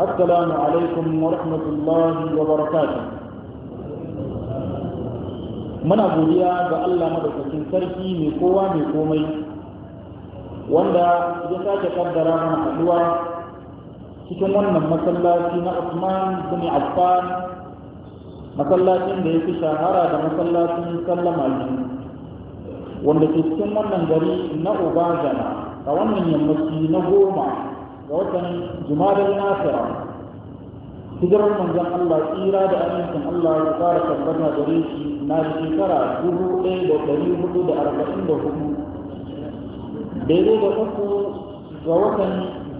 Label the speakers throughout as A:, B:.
A: السلام عليكم ورحمة الله وبركاته من أبو ريا الله مدفع سركي ميكوا ميكومي wanda ya sake kaddara mana haɗuwa cikin wannan masallaci na Usman bin Affan masallacin da ya fi shahara da masallacin sallama ne. wanda ke cikin wannan gari na Obajana a wannan yammaci na goma ga watan jumadal nasira hijirar manzon Allah tsira da amincin Allah ya fara tabbata gare shi na shekara dubu ɗaya da ɗari hudu da arba'in da hudu
B: daidai da uku
A: ga watan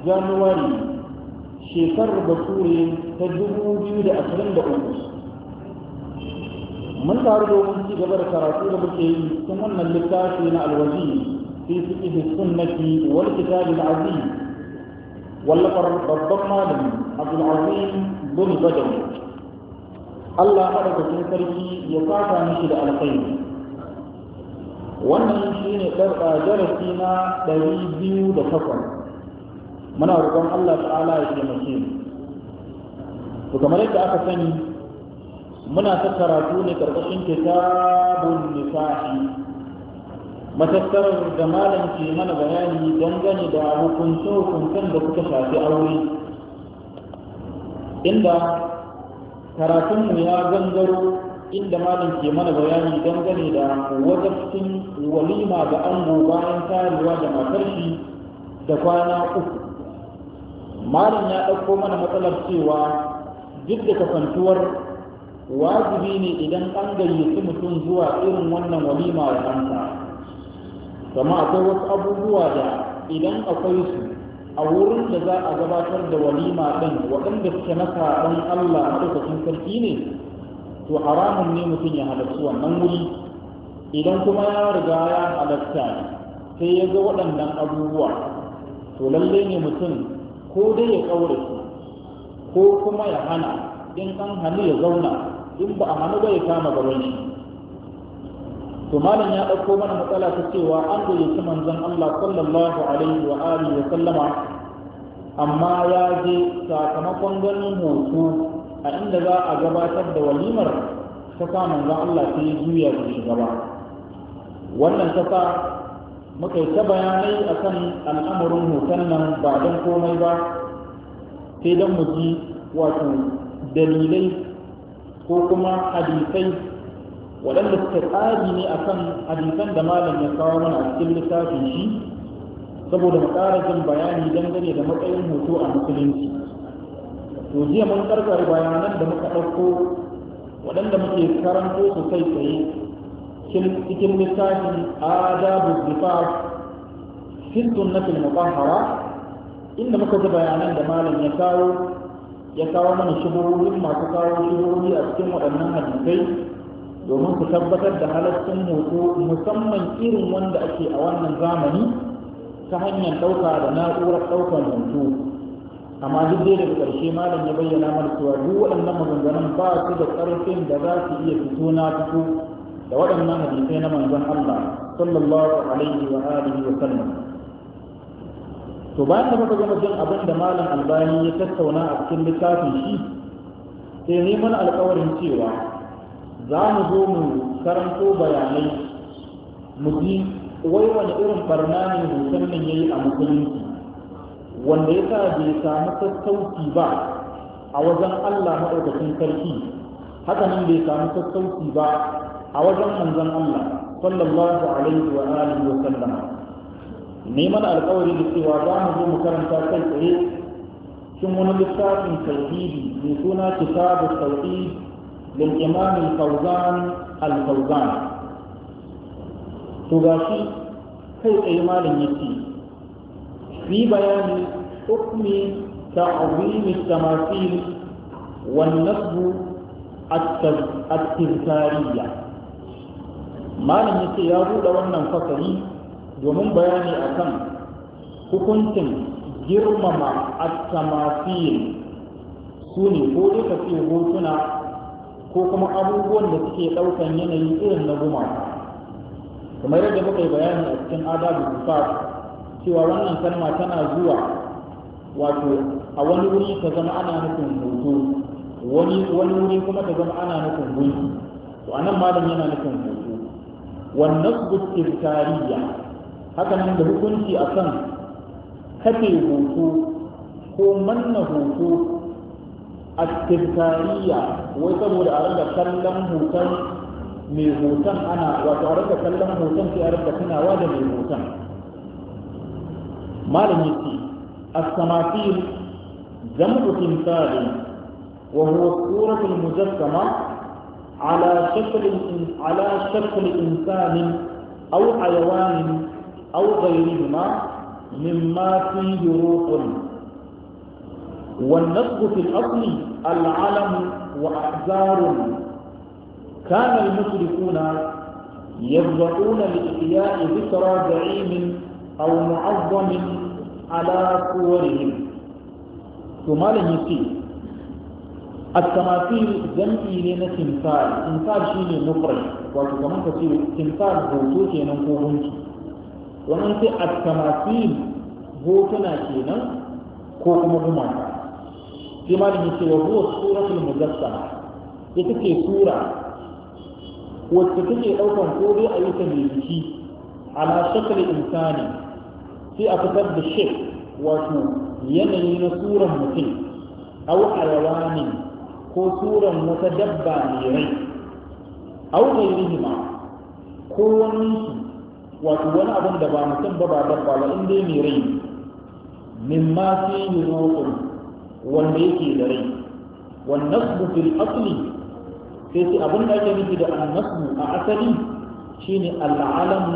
A: januwari shekarar bature ta dubu biyu da ashirin da uku mun taru domin ci gaba da karatu da muke yi cikin wannan littafi na alwazi fi fiqh sunnati wal kitab al-aziz wallafar babban malami abdulazim bin badar Allah madaukakin sarki ya fata mishi da alkhairi wannan shi ne darasi na ɗari biyu da takwas muna roƙon Allah ta'ala ya taimake mu to kamar yadda aka sani muna ta karatu ne ƙarƙashin kitabun nisa'i matattarar da malam ke mana bayani dangane da hukuncin-hukuncin da suka shafi aure inda karatunmu ya gangaro inda malam ke mana bayani dangane da wajabcin walima da ango bayan tarewa da matar da kwana uku malam ya ɗauko mana matsalar cewa duk da kafantuwar wajibi ne idan an gayyaci mutum zuwa irin wannan walima ya kama akwai wasu abubuwa da idan akwai su a wurin da za a gabatar da walima ɗin waɗanda suke na saɓon Allah maɗaukacin sarki ne to haramun ne mutum ya halarci wannan wuri idan kuma ya riga ya halarta sai ya ga waɗannan abubuwa to lallai ne mutum ko dai ya ƙaure su ko kuma ya hana in an hannu ya zauna in ba a hannu ba ya kama gaban shi to malam ya ɗauko mana matsala ta cewa an gayyaci manzon Allah sallallahu alaihi wa alihi wa sallama amma ya je sakamakon ganin hoto a inda za a gabatar da walimar ta sa manzon Allah sai juya da shugaba wannan ta sa muka ta bayanai akan al'amarin hoton nan ba don komai ba sai don mu ji wato dalilai ko kuma hadisai waɗanda suka tsari ne akan hadisan da malam ya kawo mana a cikin littafin shi saboda mu ƙara jin bayani dangane da matsayin hoto a musulunci to jiya mun karkar bayanan da muka ɗauko waɗanda muke karanto su kai tsaye cikin littafin adabu zifaf fi sunnatul mutahhara inda muka ji bayanan da malam ya kawo mana shubuhohi masu kawo shubuhohi a cikin waɗannan hadisai domin ku tabbatar da halaccin hoto musamman irin wanda ake a wannan zamani ta hanyar ɗauka da na'urar ɗaukar hoto amma duk dai daga ƙarshe malam ya bayyana mana cewa duk waɗannan maganganun ba su da ƙarfin da za su iya fito na fito da waɗannan hadisai na manzon Allah sallallahu alaihi wa alihi wa sallam to bayan da muka gama jin abin da malam albani ya tattauna a cikin littafin shi sai neman alƙawarin cewa za mu zo mu karanto bayanai mu ji wai wani irin barna ne hoton nan ya yi a musulunci wanda ya sa bai samu sassauci ba a wajen Allah maɗaukacin sarki haka nan bai samu sassauci ba a wajen manzon Allah sallallahu alaihi wa alihi wa sallam neman alƙawari da cewa za mu zo mu karanta kai tsaye Shin wani littafin tauhidi mai suna kitabu tauhid للإمام الفوزان الفوزان تغاشي كي إيمان النسي في بيان حكم تعظيم التماثيل والنصب التذكارية ما لم يسي يابود وانا فصلي domin bayani akan hukuncin girmama at-tamasil su ne ko duka ce hotuna ko kuma abubuwan da suke ɗaukan yanayi irin na guma, kamar yadda muka yi bayani a cikin adabu da cewa wannan kalma tana zuwa wato a wani wuri ta zama ana nufin hoto wani wuri kuma ta zama ana nufin gunki to anan malam yana nufin hoto wannan guttin tariya haka nan da hukunci a kan kafe hoto ko manna hoto التذكاريه وسبب ارد كلام هوتان من هوتان انا وارد كلام هوتان في ارد كنا واد من هوتان ما لم يسي السماسيل جمد تمثال وهو الصورة المجسمة على شكل على شكل إنسان أو حيوان أو غيرهما مما فيه روح والنصب في الأصل العلم وأحزار كان المشركون يبدأون لإحياء ذكرى زعيم أو معظم على صورهم ثم يسير التماثيل جمعي لنا تمثال تمثال شيء مفرد wato kamar ka ce timsar hoto kenan ko gunki wannan sai a tamasil hotuna kenan ko kuma gumaka shi ma da yake wa huwa suratul mujassama ita ce sura wacce take daukan ko dai a yi ta mai jiki ala shakal insani sai a fitar da shi wato yanayi na suran mutum au hayawanin ko suran wata dabba mai rai au ma ko wani wato wani abin da ba mutum ba ba dabba ba in dai mai rai mimma fi ruhun wanda yake da rai wan nasbu fil asli sai sai abin da ake nufi da an a asali shine al'alam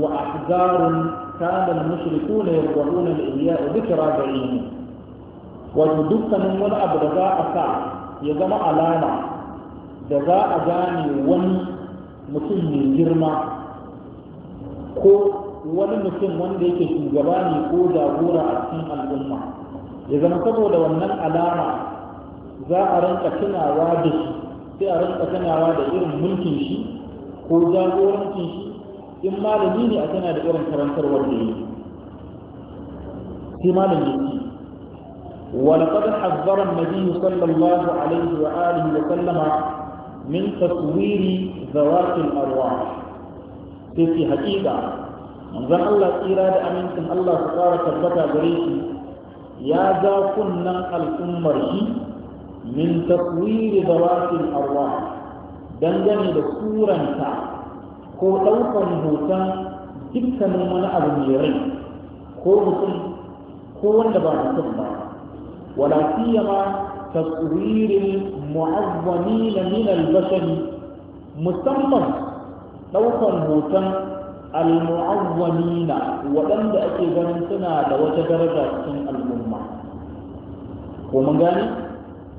A: wa ahzarun kana al-mushrikuna yad'una al-ihya' dhikra ba'in wato dukkanin wani abu da za a sa ya zama alama da za a gane wani mutum mai girma ko wani mutum wanda yake shugaba ne ko jagora a cikin al'umma ya zama saboda wannan alama za a ranka tunawa da shi sai a ranka da irin mulkin shi ko jagorancin shi in malami ne a tana da irin karantarwar da yi sai malami ne ولقد حذر النبي صلى الله عليه وآله وسلم من تصوير ذوات الأرواح في حقيقة manzon Allah tsira da amincin Allah su ƙara tabbata gare shi ya ja kunnan al'ummar shi min da zawatin arwa dangane da suranta ko ɗaukar hoton dukkanin wani abu mai rai ko mutum ko wanda ba mutum ba wala siyama taswirin mu'azzami na min albashari musamman ɗaukar hoton al na waɗanda ake ganin suna da wata daraja cikin al'umma ko mun gane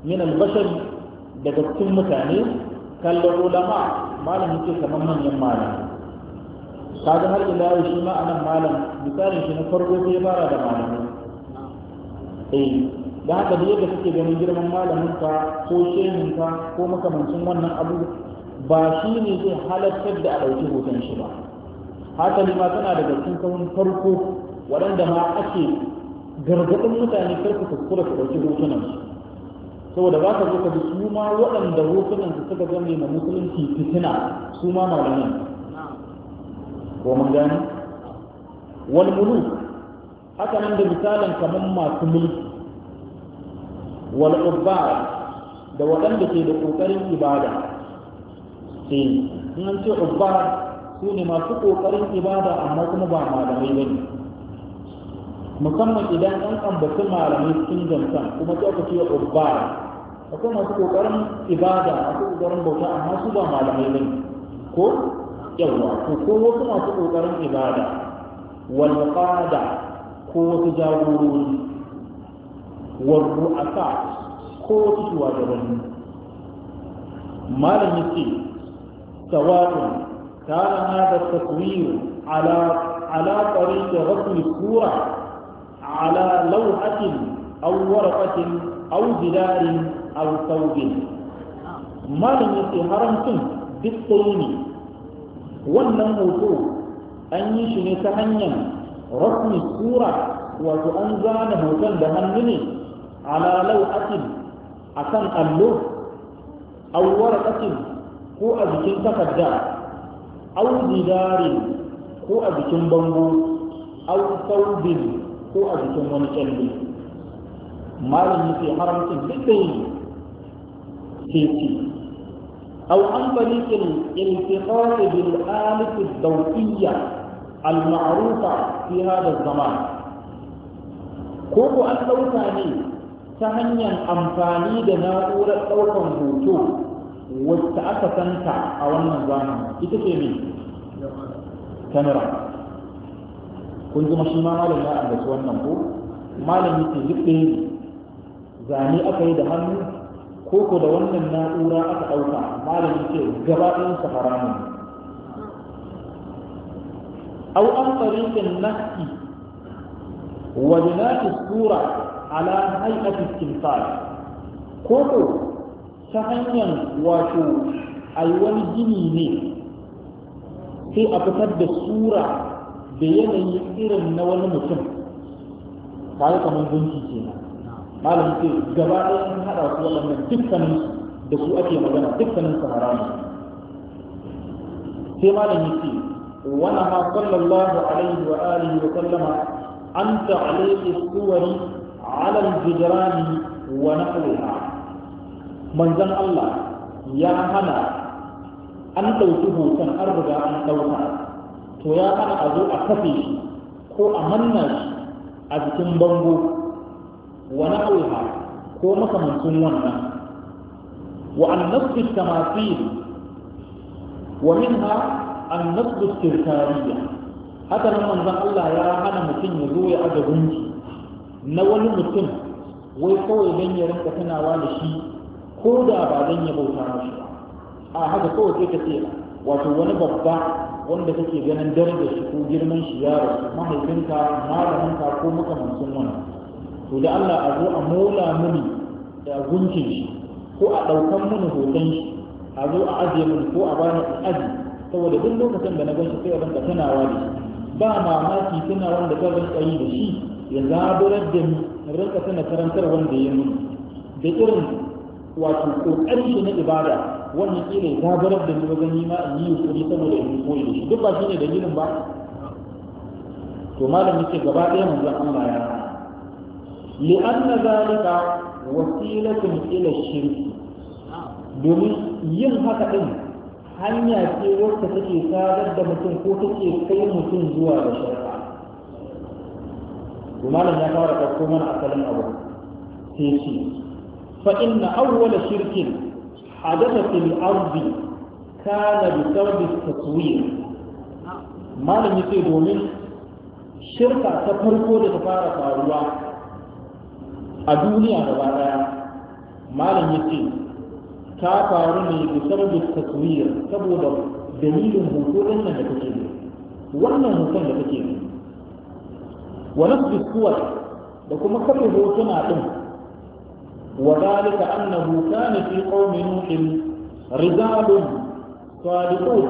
A: min al-bashar daga cikin mutane kallon ulama malam yake kamar manyan malam kaga har ila yau shi ma anan malam misalin shi na farko sai fara da malamai eh da haka da yadda kake ganin girman malamin ka ko shehin ka ko makamancin wannan abu ba shi ne zai halartar da a ɗauki hoton shi ba haka ma tana daga cikin farko waɗanda ma ake gargaɗin mutane karku kuskura ku ɗauki hotunan saboda ba ka zo ka bi su ma waɗanda hotunan su suka zama na musulunci fitina su ma malamin ko mun gani wani mulu haka nan da misalin kamar masu mulki wal ubba da waɗanda ke da ƙoƙarin ibada ce in an ce ubba su ne masu ƙoƙarin ibada amma kuma ba malamai ba ne musamman idan an ambaci malamai sun gamsan kuma sai aka ce wa ubbara akwai masu kokarin ibada masu kokarin bauta amma su ba malamai ne, ko yawa ko ko wasu masu kokarin ibada wal qada ko wasu jagorori wal ru'asa ko wasu shugabanni ce yace sawa'un kana hada taswir ala ala tariqi rasmi sura على لوحة أو ورقة أو جدار أو ثوب ما لم يكن haramcin ne wannan hoto an yi shi ne ta hanyar rasmi kura wato an zana hoton da hannu ne ala Akin a kan allo aw warqatin ko a jikin takarda aw didarin ko a jikin bango Au thawbin ko a jikin wani kyalbi malam nufi haramcin duk da yi ke ci au an bari kin intiqati bil alif al dawiyya al ma'rufa fi hada zaman ko an dauka ne ta hanyar amfani da na'urar daukan hoto wacce aka santa a wannan zamanin ita ce ne kamera kun kuma shi ma malam ya ambaci wannan ko malam yake duk zane aka yi da hannu ko ko da wannan na'ura aka ɗauka malam yake gaba ɗin sa haramu au an tariqin nafsi wa dinati sura ala hay'ati istimsal ko ko ta hanyar wato ayi wani gini ne sai a fitar da sura da yanayi irin na wani mutum tare kamar gunki ke nan malam ce gaba ɗaya sun haɗa su waɗannan dukkanin da su ake magana dukkanin su haramu sai malam ce, wani ma sallallahu alaihi wa alihi wa sallama an ta alaihi suwari alal jidrani wa nahwiha manzon Allah ya hana an ɗauki hoton an riga an ɗauka to ya hana a zo a kafe shi ko a manna shi a jikin bango wani na'uha ko makamancin wannan wa an nasbi tamasil wa minha an nasbi tirkariya haka nan manzon Allah ya hana mutum ya zo ya aje gunki na wani mutum wai kawai dan ya rinka tunawa da shi ko da ba dan ya bauta mashi ba a haka kawai sai ka ce wato wani babba wanda kake ganin daraja shi ko girman shi ya rasu mahaifinka malaminka ko makamancin wani. to da Allah a zo a mola muni da gunkin shi ko a ɗaukan mini hoton shi a zo a ajiye mini ko a bani in aji saboda duk lokacin da na gan shi sai a tana tunawa ba mamaki tana wanda zan ban yi da shi ya zaburar da ni in rinka tana karantar wanda ya yi da irin wato ƙoƙarin shi na ibada wannan kila ya gabarar da ni wajen nima in yi yukuri saboda in koyi da shi duk ba shi ne dalilin ba to malam yake gaba ɗaya zan Allah ya anna zalika wasilatun ila الشرك domin yin haka din hanya ce wacce take sadar da mutum ko take kai mutum zuwa ga shari'a to malam ya fara ɗauko mana asalin abu sai shi fa inna awwala shirkin حدث في الأرض كان بسبب التصوير ما لم يصيب من شركة تفرقوا لتفارة فاروا أدوني على بعضها ما لم يصيب كافرني بسبب التصوير سبب دليل هطول أن تكيب وأن هطول تكيب ونفس الصور لكم كفي هوتنا أدوني وذلك انه كان في قوم نوح رجال صالحون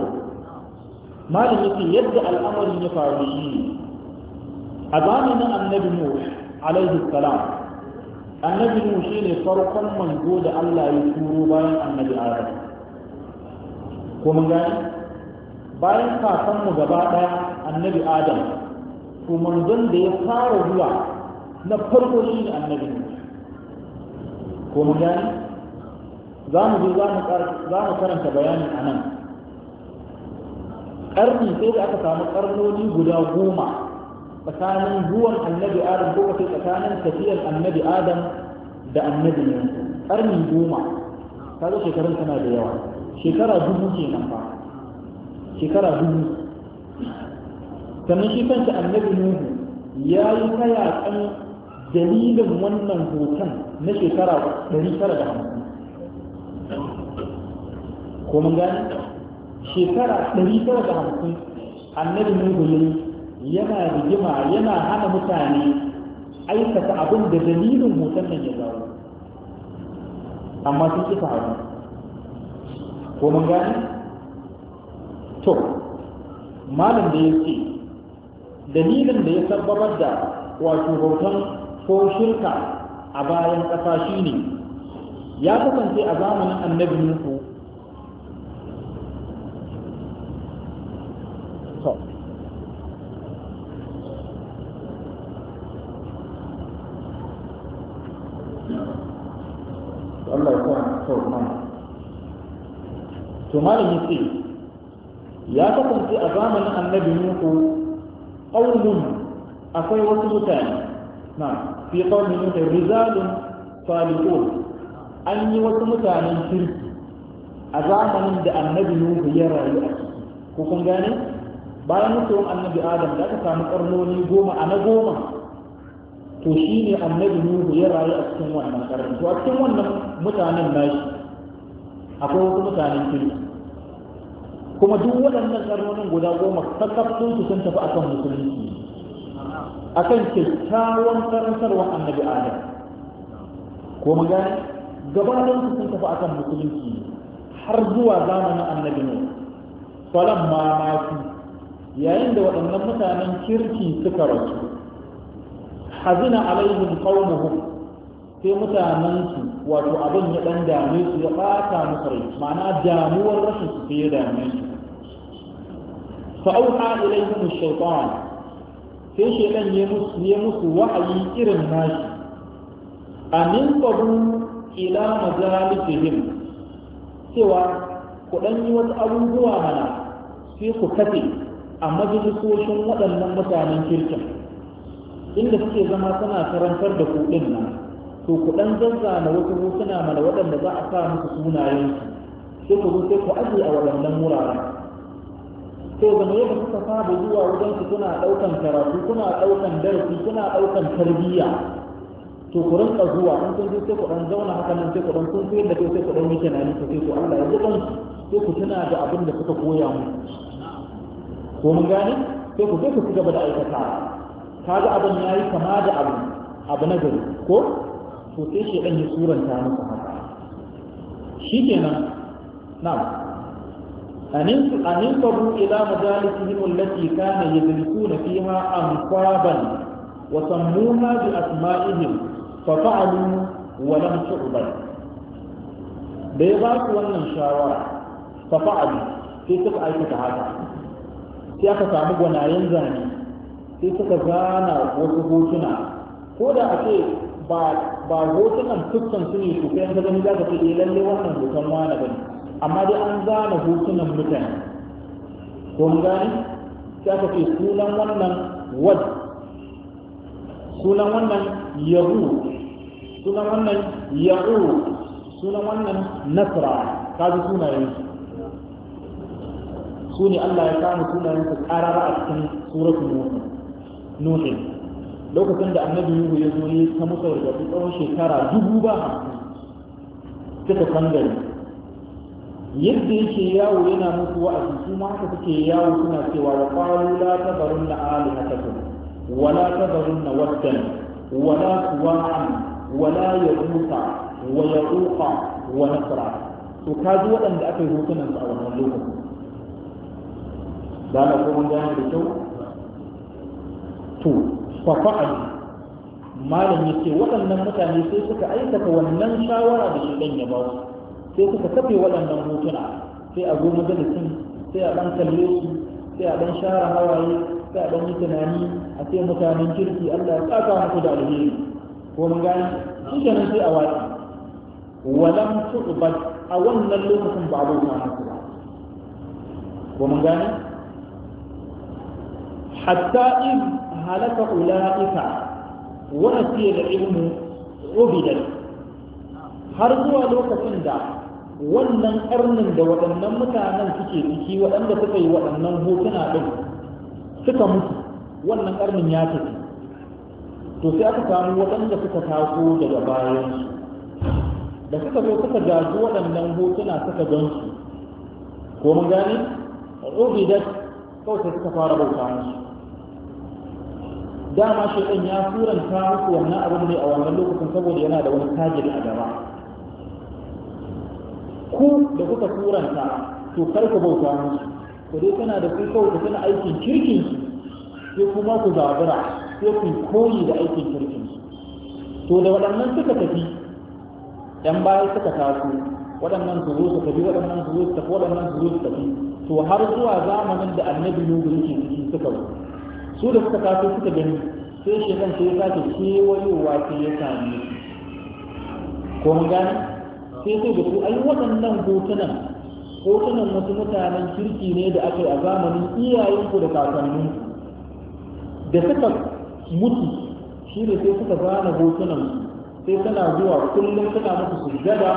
A: ما لك يد الامر يفعله اذاننا النبي نوح عليه السلام annabi mu shi ne farkon manzo da Allah ya turo bayan annabi Adam. Ko mun gani? Bayan kafan mu gaba ɗaya annabi Adam, to manzon da ya fara zuwa na farko shi ne annabi ko mun gani za mu zo za mu karanta bayani anan karni sai da aka samu karnoni guda goma tsakanin zuwan annabi adam ko kace tsakanin tafiyar annabi adam da annabi ne Karni goma kaga shekarun tana da yawa shekara dubu ke nan fa shekara dubu sannan shi kanta annabi nuhu ya yi ta dalilin wannan hoton na shekara 950 ko mun gani shekara 950 annabi nuhu ne yana rigima yana hana mutane aikata abin da dalilin hoton nan ya zawo amma sun ƙi faru ko mun gani to malam da ya ce dalilin da ya sababar da wato hoton ko shirka a bayan ƙasa ne ya kasance a zamanin annabi Nuhu
B: Allah ya kwan
A: to malami ce ya kasance a zamanin annabi Nuhu ƙaunin akwai wasu mutane na fi qawmin nuh Rizalin salihun an yi wasu mutanen kirki a zamanin da annabi nuhu ya rayu a ciki ko kun gane bayan mutuwan annabi adam da aka samu karnoni goma a na goma to shi ne annabi nuhu ya rayu a cikin wannan karni to a cikin wannan mutanen nashi akwai wasu mutanen kirki kuma duk waɗannan karnonin guda goma kakkaftun su sun tafi akan musulunci akan kyakkyawan wa annabi adam ko mu gane gabanin su sun tafi akan musulunci har zuwa zamanin annabi ne falan ma mafi yayin da waɗannan mutanen kirki suka rasu hazina alaihim qaumuhum sai mutanen su wato abin ya ɗan dame su ya ɓata musu rai ma'ana damuwar rashin su sai ya dame su fa'auha ilaihim ash-shaytan sai shaitan ya musu ya musu wahayi irin nashi amin babu ila mazalikihim cewa ku dan yi wasu abubuwa mana sai ku kafe a majalisoshin waɗannan mutanen kirkin inda suke zama suna karantar da kuɗin nan to ku dan zazzana wasu hotuna mana waɗanda za a sa musu sunayensu sai ku zo sai ku aje a waɗannan wuraren to ne da suka saba zuwa wajen su kuna daukan karatu kuna daukan darasi kuna daukan tarbiyya to ku rinka zuwa in kun je sai ku dan zauna haka nan sai ku dan kun koyar da kai sai ku dan miki nani sai ku Allah ya zuban sai ku tuna da abin da suka koya mu ko mun gane sai ku sai ku ci gaba da aikata kaga abin yayi kama da abu abu na gari ko to sai shi dan yi suranta muku haka shikenan na'am an yin sabu ila majalisi himun lati kana yi zirku da fi ha an kwaban wasan muna bi asma'ihim fa fa'alu da ya ba su wannan shawara fa sai suka aikata haka sai aka samu gwanayen zane sai suka zana wasu hotuna ko da a ce ba hotunan tukkan su ne su kai ta gani za ka ce lallai wannan hoton ba ne. amma dai an zana hukunan mutane ko an gane sai aka ce sunan wannan wad sunan wannan yahu sunan wannan yahu sunan wannan nasra ji sunayen su ne Allah ya samu sunayen su karara a cikin suratul nuhin lokacin da annabi yuhu ya zo ne ta musa da tsawon shekara dubu ba suka san gari yadda yake yawo yana musu wa'azi su ma haka suke yawo suna cewa wa qalu la na alihatakum wa la tabarunna waddan wa la suwa'an wa la yaquta wa ya yaquqa wa nasra to ka ji waɗanda aka yi hotunan su a wannan lokacin da ko mun gane da kyau to fa fa'al malam ya ce waɗannan mutane sai suka aikata wannan shawara da shi ya ba su sai suka kafe waɗannan hotuna sai a goma da sun sai a ɗan kalle su sai a ɗan share hawaye sai a ɗan yi tunani a ce mutanen kirki Allah ya tsaka muku da alheri ko mun gani shi nan sai a watsi walam tuqbal a wannan lokacin ba abin ma su ba ko mun gani hatta in halaka ulaika wa asiya da ilmu ubidat har zuwa lokacin da wannan karnin da waɗannan mutanen suke ciki waɗanda suka yi waɗannan hotuna ɗin suka mutu wannan karnin ya tafi to sai aka samu waɗanda suka taso daga bayan su, da suka zo suka gaji waɗannan hotuna suka gan su ko mun gane da kawai suka fara bauta musu dama shaidan ya turanta musu wannan abin ne a wannan lokacin saboda yana da wani tajiri a gaba ku da kuka turanta to kar ku bauta musu ku dai kana da ku kawai kana aikin kirkin sai kuma ku zabura sai ku koyi da aikin kirkin to da waɗannan suka tafi dan baya suka taso waɗannan su zo su tafi waɗannan su zo su tafi waɗannan su zo su tafi to har zuwa zamanin da annabi nuhu yake cikin suka zo su da suka taso suka gani sai shekan sai ya sake kewayowa sai ya same su ko mun gane sai sai da ku ai waɗannan hotunan hotunan wasu mutanen kirki ne da aka yi a zamanin iyayenku da kakannin da suka mutu shi ne sai suka zana hotunan sai suna zuwa kullum suna musu sujjada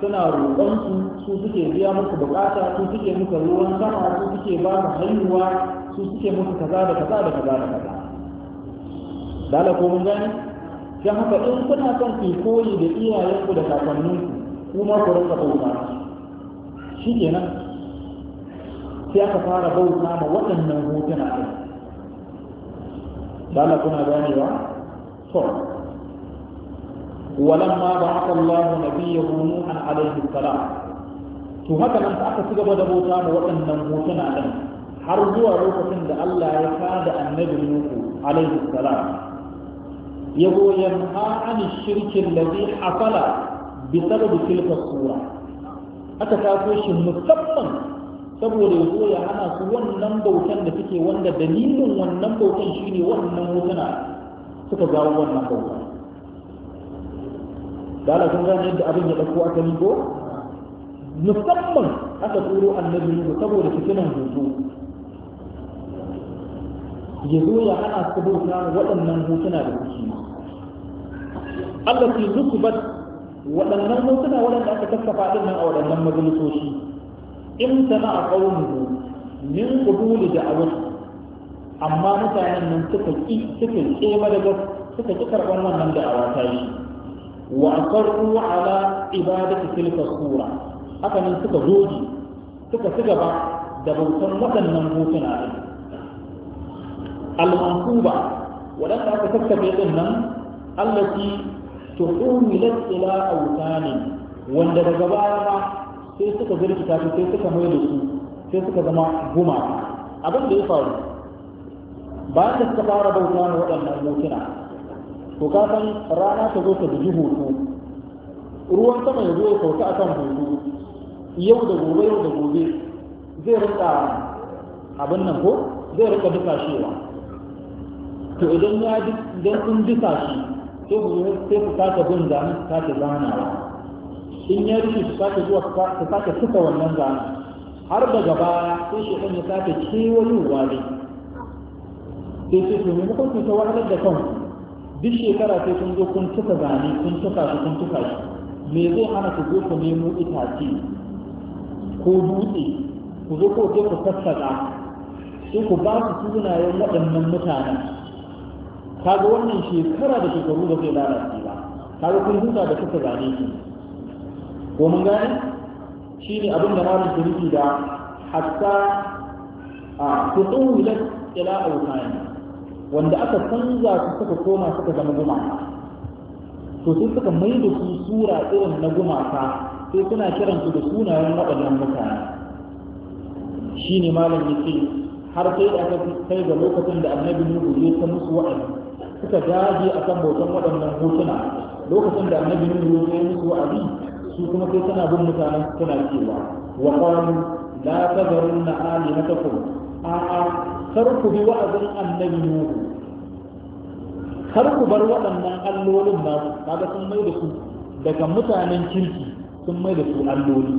A: suna roƙon su suke biya musu bukata su suke musu ruwan sama su suke ba mu haihuwa su suke musu kaza da kaza da kaza da kaza dala ko mun gani dan haka in kuna son ku koyi da iyayenku da kakanninku kuma ku rinka bauta shi kenan sai aka fara bauta ma waɗannan hotuna ɗin ba kuna ganewa to ولما بعث الله نبيه نوحا عليه السلام to haka nan ta aka ci gaba da bauta ma waɗannan hotuna ɗin har zuwa lokacin da Allah ya kada annabi nuku alaihi salam ya goyen ha an shirkin da zai hasala بسبب تلك الصورة aka taso shi musamman saboda ya zo ya hana su wannan bautan da suke wanda dalilin wannan bautan shine wannan mutuna suka gawo wannan bautan da ala sun gane yadda abin ya ɗauko aka ko musamman aka turo annabi ne saboda fitinan hoto ya zo ya hana su bauta waɗannan hotuna da suke Allah ke zukubat waɗannan mutuna waɗanda aka kakkafa din nan a waɗannan majalisoshi in sana a qaumu min a da'awati amma mutanen nan suka ki suka kema daga suka ki karɓar wannan da da'awa ta yi wa aqarru ala ibadati tilka sura haka nan suka doji suka ci gaba da bautan waɗannan hotuna ɗin al-mansuba waɗanda aka kakkafe ɗin nan allati tuhumilat ila awtanin wanda daga baya ma sai suka girkita tafi sai suka mai da su sai suka zama guma abin da ya faru bayan da suka fara bauta na waɗannan mutuna to kafin rana ta zo ta bugi hoto ruwan sama ya zo ya sauka akan hoto yau da gobe yau da gobe zai rika abin nan ko zai rika duka shewa to idan ya idan sun duka shi sai ku sai ku sake bin zanen ku sake zanawa in ya rufe ku sake zuwa ku sake suka wannan zanen har daga baya sai shi ya sake kewayowa wani sai sai su maimakon ku ta wahalar da kanku duk shekara sai kun zo kun tuka zane kun tuka shi kun tuka shi me zai hana ku zo ku nemo itace ko dutse ku zo ko ku sassaka sai ku ba su sunayen waɗannan mutanen kaga wannan shekara da shekaru da zai lalace ba kaga kun huta da kuka gane shi ko mun gane shi ne abin da malam ke nufi da hatta a kudu ila ila autani wanda aka canza su suka koma suka zama gumaka to sai suka mai da su sura irin na gumaka sai suna kiran su da sunayen waɗannan mutane shi ne malam ya har sai da aka kai ga lokacin da annabi nuhu ya ta musu wa'azi suka a kan bautan waɗannan hotuna lokacin da annabi nuhu ya yi musu wa'azi su kuma sai suna bin mutanen suna cewa wa qalu la tazarunna alihatakum a a kar ku bi wa'azin annabi nuhu kar ku bar waɗannan allolin ba kaga sun mai da su daga mutanen kirki sun mai da su alloli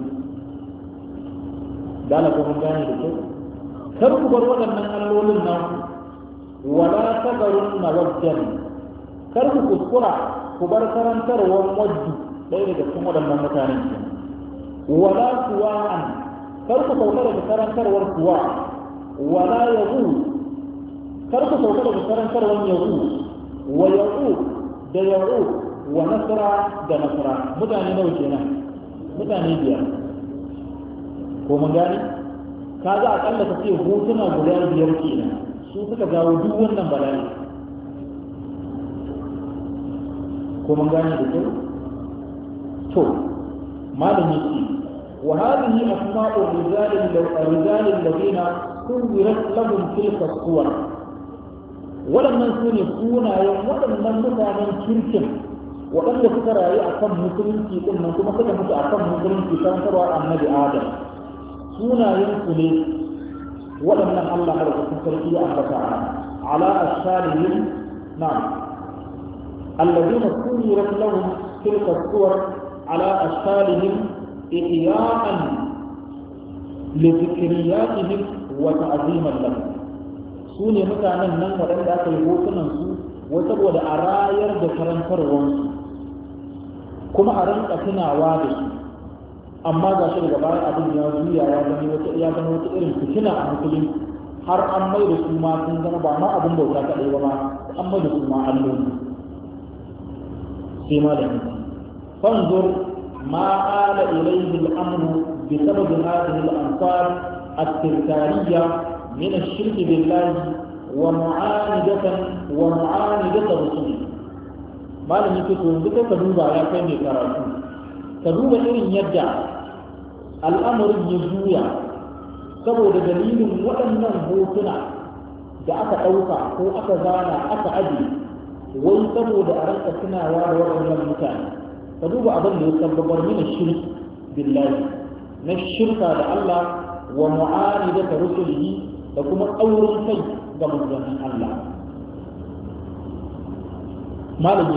A: dala ko mun gane da kyau kar ku bar waɗannan allolin naku wala na wajen? kar ku kuskura ku bar karantarwar wajju ɗaya daga cikin waɗannan mutanen ke wala an, kar ku kauta daga karantarwar suwa wala yahu kar ku kauta daga karantarwar yahu wa yahu da yahu wa nasara da nasara mutane nawa kenan mutane biyar ko mun gani a akalla ka ce hutuna guda biyar kenan su suka jawo duk wannan bala'i ko mun gane da kyau to malamin shi wa hadhihi asma'u rijal rijal alladhina suwirat lahum tilka suwar Wadannan su ne sunayen waɗannan mutanen kirkin waɗanda suka rayu a kan musulunci ɗin nan kuma suka mutu a kan musulunci kan sarwa annabi adam sunayen su ne وإن الله على التركية أحبتها على أشكالهم نعم الذين سيرت لهم تلك الصور على أشكالهم إحياء لذكرياتهم وتعظيما لهم سوني مثلا من نفر ذات الوطن وتبوى أراير ذكرا فرغم كما أرنت أتنا وادي amma ga shi daga bayan abin ya juya ya zama wata ya zama wata irin fitina a musulun har an mai da su ma sun zama ba ma abin bauta kaɗai ba ma an mai da su ma alloli sai ma da mutum fanzur ma ala ilaihi al'amru bi sababi hadhihi al-ansar at-tirkariyya min ash-shirk billahi wa mu'anidatan wa mu'anidatan rusul malamin kike yanzu kai ka duba ya kai mai karatu ka duba irin yadda al'amarin ya juya saboda dalilin waɗannan hotuna da aka ɗauka ko aka zana aka aji wai saboda a ranka tunawa da waɗannan mutane ka duba abin da ya tabbabar mana shirk billahi na shirka da Allah wa mu'ani da rusulihi da kuma tsaurin kai ga manzannin Allah malam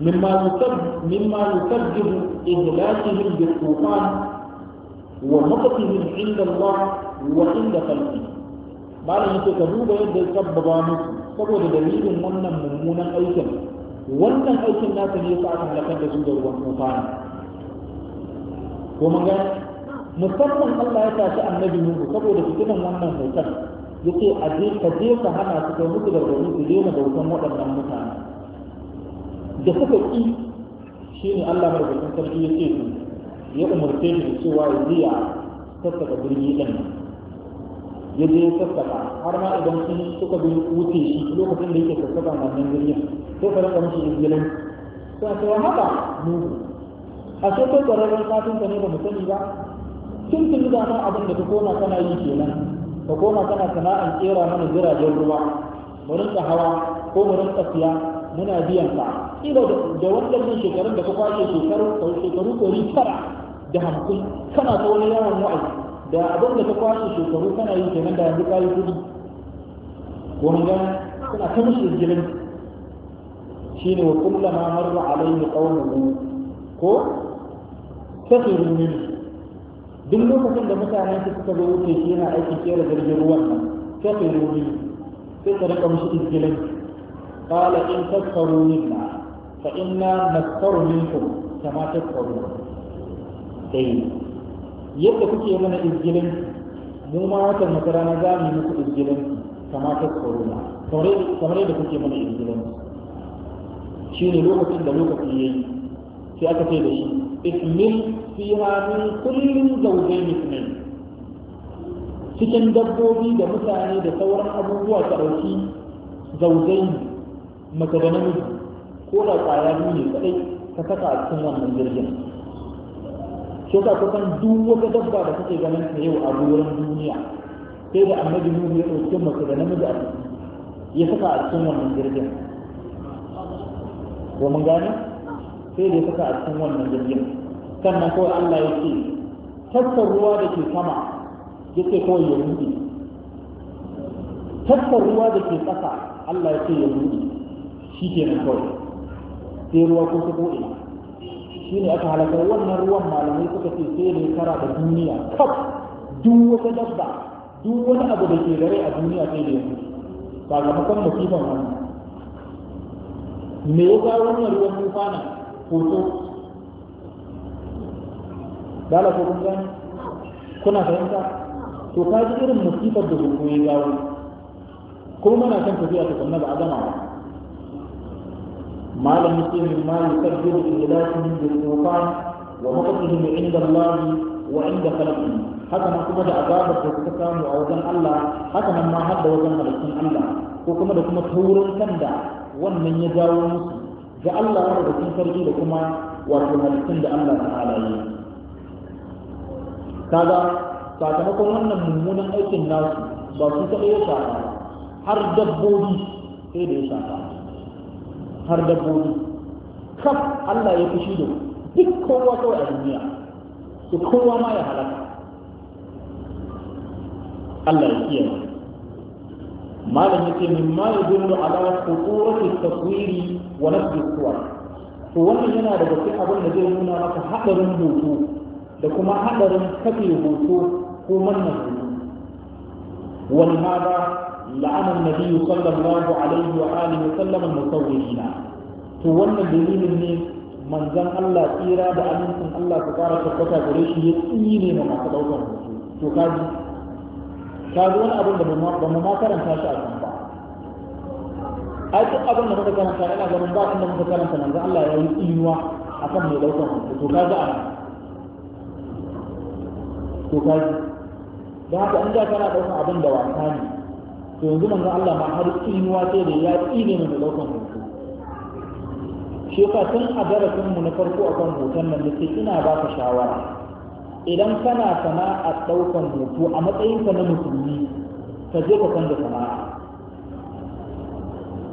A: مما يسبب مما يسبب إهلاكهم بالطوفان ومقتهم عند الله وعند خلقه بعد yake ka duba yadda ya sabbaba musu saboda dalilin wannan mummunan aikin wannan aikin nasa ne yasa aka halakar da su ruwan tufana ko musamman Allah ya tashi annabi Nuhu saboda fitinan wannan hotar yace a je ka je ka hana su kai musu gargadi su daina bautan waɗannan mutane da suka ƙi shi ne Allah marubutun sarki ya ce su ya umarce shi da cewa ya ziya sassaka birni ɗin ya je sassaka har ma idan sun suka bi wuce shi lokacin da yake sassaka wannan birnin sai ka rinka mishi izinin a cewa haka nuhu a sai kai ƙwararren kafin ka ne ba mu sani ba tun tun da ma abin da ka koma kana yi kenan ka koma kana sana'an kera mana jiragen ruwa mu rinka hawa ko mu rinka siya muna biyan ka kila da wannan shekarun da ka kwace shekaru shekaru ɗari tara da hamsin kana ta wani yawon wa'azi da abin da ka kwace shekaru kana yin kenan da yanzu kayi kuɗi ko mun ga kana ta musu izgilin shine wa kullama marra alaihi qawmuhu ko kafiru min duk lokacin da mutanen su suka zo wuce shi yana aikin kera jirgin ruwan nan kafiru min sai ka rika mishi izgilanci قال إن تكفروا منا فإنا نكفر منكم كما تكفرون أي yadda kuke mana izgilin mu ma watan masara na za mu yi muku izgilin kama ta korona kamar yadda kuke mana izgilin shi ne lokacin da lokaci ya yi sai aka da shi cikin dabbobi da mutane da sauran abubuwa ta dauki zawjayn mace da namiji ko da tsara ne kaɗai ka saka a cikin wannan jirgin shi ka kusan duk wata dabba da kake ganin ta yau a wurin duniya sai da annabi nuhu ya dauke maka da namiji a ciki ya saka a cikin wannan jirgin ko mun gane sai da ya saka a cikin wannan jirgin sannan kawai Allah ya ce tattar ruwa da ke sama yake kawai ya buɗe tattar ruwa da ke ƙasa Allah ya ce ya buɗe shi ke nan kawai sai ruwa ko ta ko'ina shi ne aka halakar wannan ruwan malamai suka ce sai ne kara da duniya kaf duk wata dabba duk wani abu da ke da rai a duniya sai da yanzu sakamakon masifan wannan me ya kawo wannan ruwan tufa na hoto dala ko kun gani kuna fahimta to ka ji irin musifar da hoto ya kawo ko muna kan tafiya ta kunna ba a gama ba ما لم يصيب ما يكبر بولايتهم بالقرآن ومقتهم عند الله وعند خلقه haka nan kuma da azabar da samu a wajen Allah haka nan ma har da wajen halittun Allah ko kuma da kuma taurin kan wannan ya jawo musu ga Allah da cikin sarki da kuma wato halittun da Allah ta'ala yi kaga sakamakon wannan mummunan aikin nasu ba su kaɗai ya shafa har dabbobi sai da yasa. har dabbobi kaf Allah ya fushi da duk kowa kawai a duniya to kowa ma ya halaka Allah ya kiyaye malam yake mimma yadullu ala khuturati taswiri wa nafsi suwar to wannan yana da cikin abin da zai nuna maka hadarin hoto da kuma hadarin kafe hoto ko manna hoto wani hada la'ana annabi sallallahu alaihi wa alihi wa sallam al-musawwirin to wannan dalilin ne manzon Allah tsira da amincin Allah ta fara tabbata gare shi ya ne ma masu daukar hoto to kaji kaji wani abin da ba mu ma karanta shi a kan ba ai duk abin da muka karanta ina ganin ba inda muka karanta manzon Allah ya yi tsinuwa akan mai daukar hoto to kaji a to kaji da haka in da kana daukar abin da wasa ne yanzu manzo Allah ma har tsinuwa ce da ya ne mu da daukan hoto shi yasa tun a darasin mu na farko akan hoton nan nake ina ba ka shawara idan kana sana'a daukan hoto a matsayin ka na musulmi ka je ka canza sana'a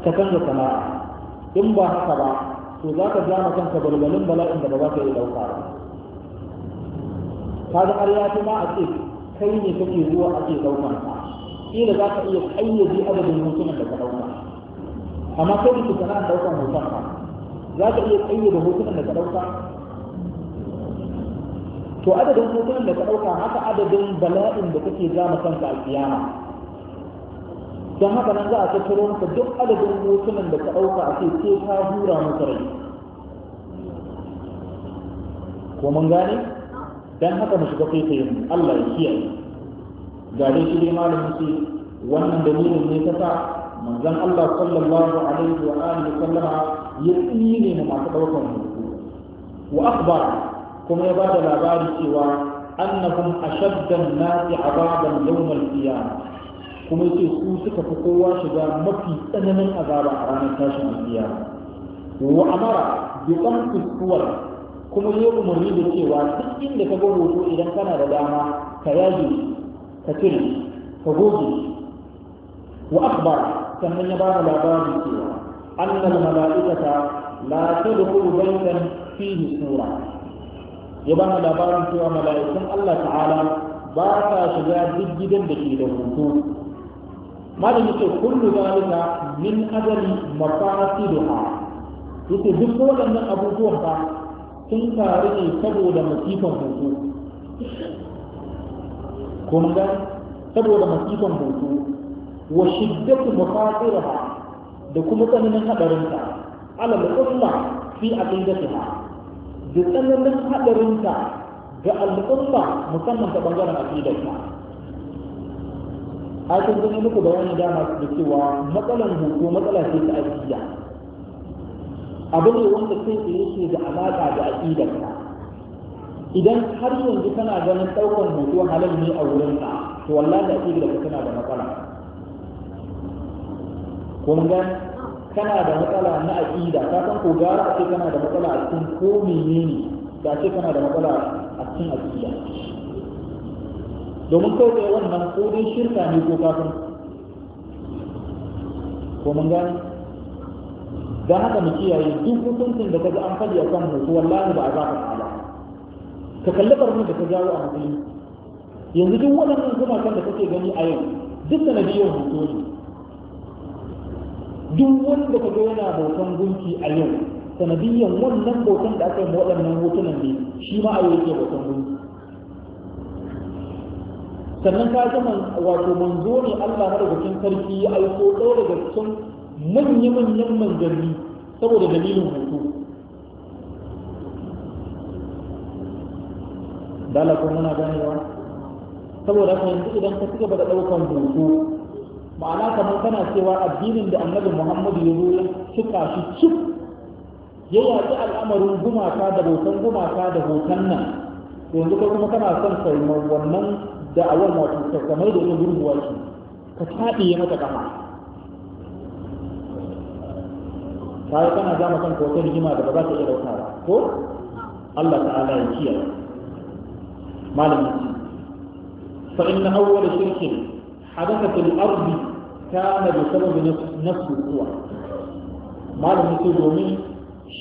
A: ka canza sana'a in ba haka ba to za ka ja ma kanka balbalin bala'in da ba za ka yi dauka ba ka ga ƙarya ma a ce kai ne kake zuwa ake daukan ka kila za ka iya ƙayyade adadin hotunan da ka ɗauka amma ko da sana'ar ɗaukar hoton ka za ka iya ƙayyade hotunan da ka ɗauka to adadin hotunan da ka ɗauka haka adadin bala'in da kake zama kanka a kiyama don haka nan za a tattaro maka duk adadin hotunan da ka ɗauka a ce sai ka hura maka rai ko mun gane dan haka mu shiga kai Allah ya kiyaye ga dai shi dai malamin ce wannan dalilin ne ta sa manzon Allah sallallahu alaihi wa alihi sallama ya ne na masu daukar hoto wa akhbar kuma ya bada labari cewa annahum ashaddan nasi azaban yawm al-qiyamah kuma yace su suka fi kowa shiga mafi tsananin azaba a ranar tashin al wa amara bi qamti suwar kuma ya umarni da cewa duk inda ka ga hoto idan kana da dama ka yaje ka cire ka goge wa akbar sannan ya bani labarin cewa annal mala'ikata la tadkhulu baytan fihi sura ya bani labarin cewa mala'ikun Allah ta'ala ba sa shiga duk gidan da ke da hutu malam yace kullu zalika min ajali mafasiduha yace duk waɗannan abubuwan ba sun faru ne saboda masifan hoto ko mun saboda masifan hutu wa shiddatu mukhadiraha da kuma tsananin haɗarinta, ala al-umma fi aqidatiha da tsananin haɗarinta, ga al-umma musamman ta bangaren aqidarta a kun gani muku bayani dama da cewa matsalan hutu matsala ce ta aqida abin da wanda kai yake da alaka da ta. idan har yanzu kana ganin ɗaukar hoto halin ne a wurin ka, to wallahi da kike da kana da matsala kun ga kana da matsala na aqida ka san ko gara a ce kana da matsala a cikin ko menene da ce kana da matsala a cikin aqida domin kai da wannan ko dai shirka ne ko kafin ko mun gane da haka mu kiyaye duk hukuncin da kaga an kalli akan kan mutu wallahi ba za ka ka kalli barnar da ka jawo a matsayin yanzu duk waɗannan gumakan da kake gani a yau duk da biyan hoto ne duk wanda ka ga yana bautan gunki a yau sanadiyar wannan bautan da aka yi waɗannan hotunan ne shi ma a yau yake bautan gunki sannan ka ga wato manzo ne Allah madaukakin sarki ya aiko ɗaya daga cikin manya-manyan manzanni saboda dalilin hoto dala ko muna ganewa saboda haka yanzu idan ka cigaba da ɗaukan hoto ma'ana kamar kana cewa addinin da annabi muhammadu ya zo ya shi cik ya yaƙi al'amarin gumaka da hoton gumaka da hoton nan yanzu kai kuma kana son kai wannan da'awar wato ka da yin gurguwa ce ka ya mata kafa kayi kana zama kan wata rigima da ba za ta iya ɗauka ba ko Allah ta'ala ya kiyaye malam nasi fa inna awwal shirk hadathat al ard kana bi sabab
B: nafs al quwa malam nasi domin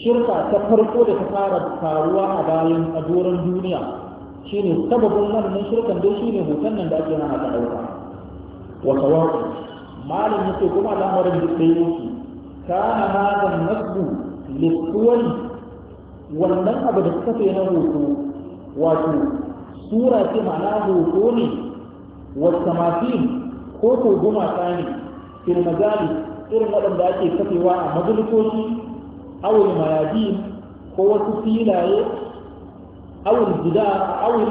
A: shirka ta farko da ta fara faruwa a bayan a duniya shine sababin wannan shirkan da shine hoton nan da ake nuna ta dauka wa sawaq malam nasi kuma lamarin da kai yake kana hada nafs al quwa wannan abu da kake na hoto wato sura ce ma'ana hoto ne wasamafin ko ko gumaka ne firmazali irin waɗanda ake kafewa a majalisoci awul mayaji ko wasu filaye awul gida awul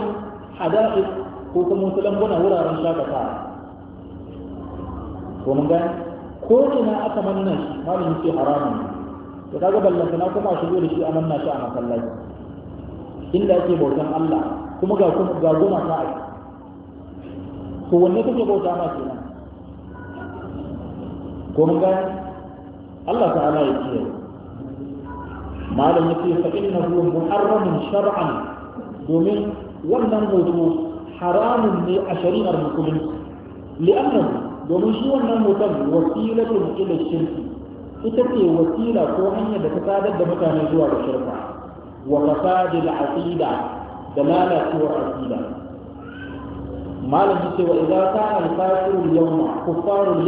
A: hada'i ko kuma wasu lambuna wuraren shakatawa ko mun gani ko ina aka manna shi malamin ce haramun to kaga ballantana kuma shigo da shi a manna shi a masallaci inda ake bautan Allah kuma ga ga goma ta ai to wanne kake bauta ma kenan ko mun ga Allah ta'ala ya ce malam yace fa innahu muharramun shar'an domin wannan hoto haramun ne a shari'ar musulunci li'annahu domin shi wannan hoton wasilatun ila shirki ita ce wasila ko hanyar da ta sadar da mutane zuwa ga shirka wa fasadil aqida da lalacewar aƙida Malami yace wa idza yau al-kafiru al yau,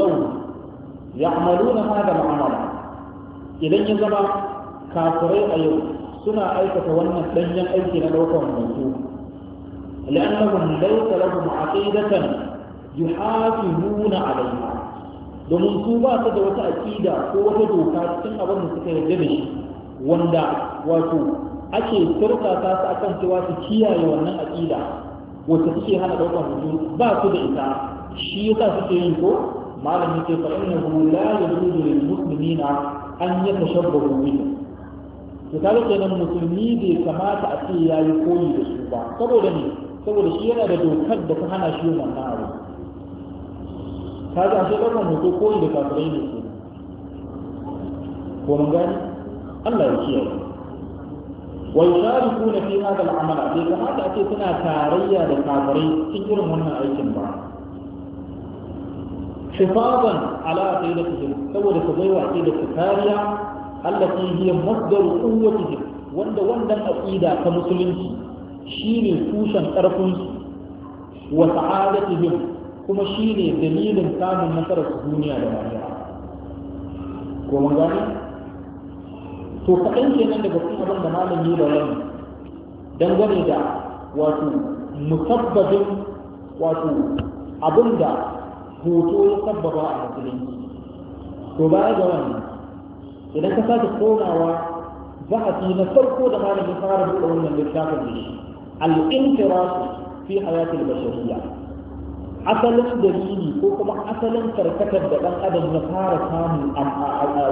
A: ya na ya'maluna hada ma'amala idan ya zama kafirai a yau suna aikata wannan ɗanyen aiki na daukar mutu lannahum ليس lahum aqidatan yuhafizuna عليها domin su ba su da wata aƙida ko wata doka cikin abin da suka yarda da shi wanda wato ake turkata su kan cewa su kiyaye wannan aƙida wacce suke hana ɗaukar hutu ba su da ita shi ya sa suke yin ko malami ce fa innahu la yajuzu lil muslimina an yatashabbahu bihi to kaga kenan musulmi bai kamata a ce yayi koyi da su ba saboda ne saboda shi yana da dokar da ta hana shi yin wannan abu kaga shi ɗaukar hutu koyi da kafirai ne ko mun gani Allah ya kiyaye ويشاركون في هذا العمل bai kamata ake suna tarayya da kafirai cikin wannan aikin ba حفاظا على عقيدتهم saboda su baiwa aqidar su kariya allati hiya masdar quwwatihim wanda wannan aqida ta musulunci shine tushen karfin su wa sa'adatihim kuma shine dalilin samun nasarar duniya da lahira ko mun to kaɗan kenan daga cikin abin da malam yi bayani dangane da wato musabbabin wato abin da hoto ya sabbaba a musulunci to baya ga wannan idan ka sake komawa bahasi na farko da malamin fara buɗe wannan littafin ne al-intirasu fi hayatil bashariyya asalin dalili ko kuma asalin karkatar da ɗan adam ya fara samu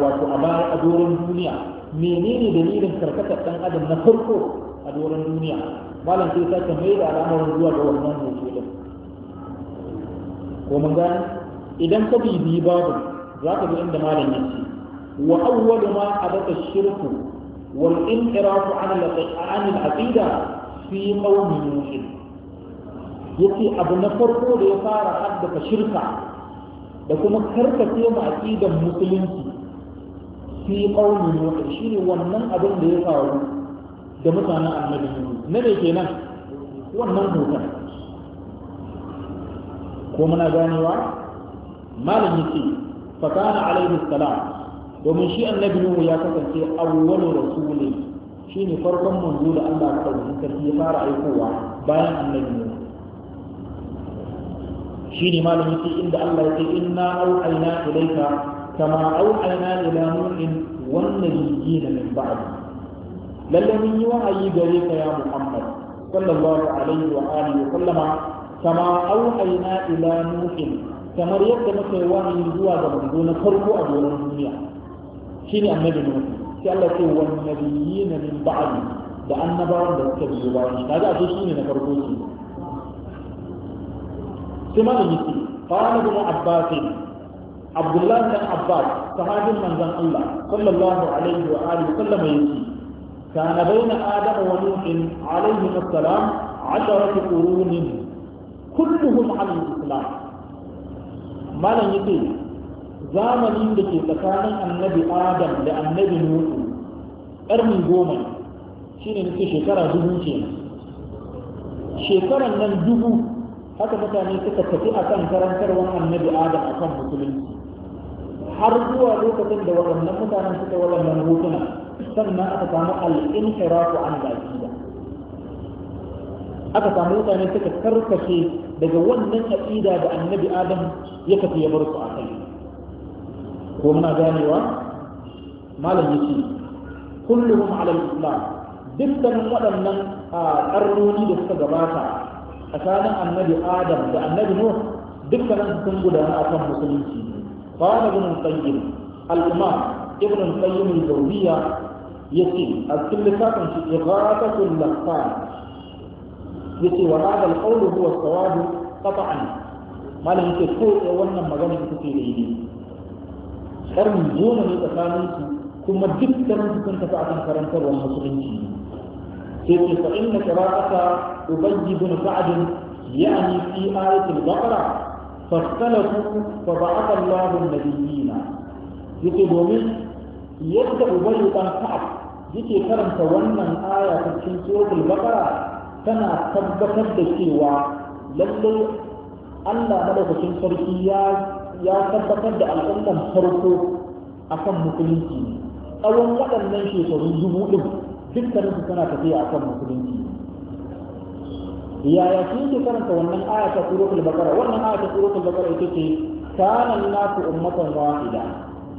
A: wato a baya a doron duniya menene dalilin karkatar ɗan adam na farko a doron duniya malam sai sake mai da al'amarin zuwa ga wannan hoto din ko mun idan ka bibiyi babu za ka ga inda malam ya wa awwalu ma abata shirku wal inqirafu an al-aqida fi qawmi nuh yace abu na farko da ya fara haddaka shirka da kuma karkace ma aqidan musulunci fi qauli nuh shine wannan abin da ya faru da mutanen annabi ne ne kenan wannan hoton ko muna ganewa malam yake fa kana alaihi salam domin shi annabi nuh ya kasance awwalu rasuli shine farkon manzo da Allah ta rubuta ya fara aikowa bayan annabi nuh shine malami sai inda Allah ya ce inna auhayna ilayka kama auhayna ila nuhin wan nabiyyin min ba'd lalle mun yi wahayi gare ka ya Muhammad sallallahu alaihi wa alihi wa sallama kama auhayna ila nuhin kamar yadda muka yi wahayi zuwa ga manzo na farko a gonar duniya shine annabi nuhu sai Allah ce wan nabiyyin min ba'd da annabawan da suka biyo bayan shi kaga a shi ne na farko shi sai mana yake qala ibn abbas abdullah ibn abbas sahabin manzon Allah sallallahu alaihi wa alihi sallam yake kana baina adam wa nuh alaihi assalam asharatu qurun kulluhum ala al-islam Malam yake zamani da ke tsakanin annabi adam da annabi nuhu ƙarni goma shine nake shekara dubu kenan shekaran nan dubu haka mutane suka tafi a kan karantarwar annabi adam a kan musulunci har zuwa lokacin da waɗannan mutanen suka waɗannan hotuna sannan aka samu al'inhirafu an da aka samu mutane suka karkashe daga wannan aƙida da annabi adam ya tafi ya bar su a kai ko muna ganewa malam yace kulluhum ala al-islam dukkanin waɗannan ƙarnoni da suka gabata tsakanin annabi adam da annabi nuh dukkanin sun gudana akan musulunci qala ibn qayyim al-imam ibn qayyim al-jawziyya yace a cikin littafin shi ighatatul lafan yace wa hada al-qawl huwa as-sawab qat'an malam ko wannan magana ita ce daidai karni goma ne tsakanin su kuma dukkanin su sun tafi akan karantarwar musulunci سيدي فإن قراءة أبي بن سعد يعني في آية البقرة فاختلفوا فبعث الله النبيين yake domin yadda ubayu dan ka'ab yake karanta wannan aya ta cikin suratul baqara tana tabbatar da cewa lalle Allah madaukakin sarki ya ya tabbatar da al'umman farko akan musulunci tsawon waɗannan shekaru dubu ɗin dukkanin su suna tafiya akan musulunci yaya shi yake karanta wannan aya ta suratul baqara wannan aya ta suratul baqara ita ce kana an-nasu ummatan wahida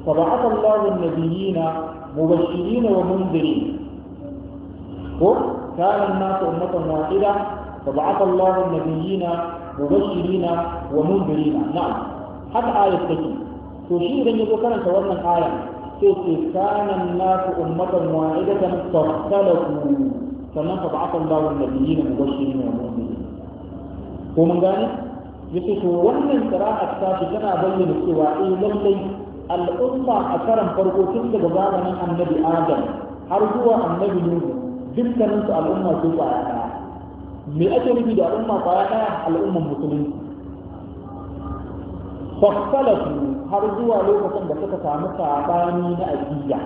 A: fa ba'atha Allahu an-nabiyina mubashirin wa mundirin ko kana an-nasu ummatan wahida fa ba'atha Allahu an-nabiyina mubashirin wa mundirin na'am haka ayat take to shi idan yazo karanta wannan aya sai kanan nasu ummatan wa'idatan fassalaku sannan fa ba'atha Allahu nabiyina mubashirin wa mu'minin ko mun gane yace to wannan qira'at ta shi tana bayyana cewa eh lallai al'umma a karan farko tun daga zamanin annabi Adam har zuwa annabi Nuhu dukkanin su al'umma su kwaya me ake nufi da al'umma kwaya a al'ummar musulunci fakhtalatu har zuwa lokacin da suka samu sabani na aqiya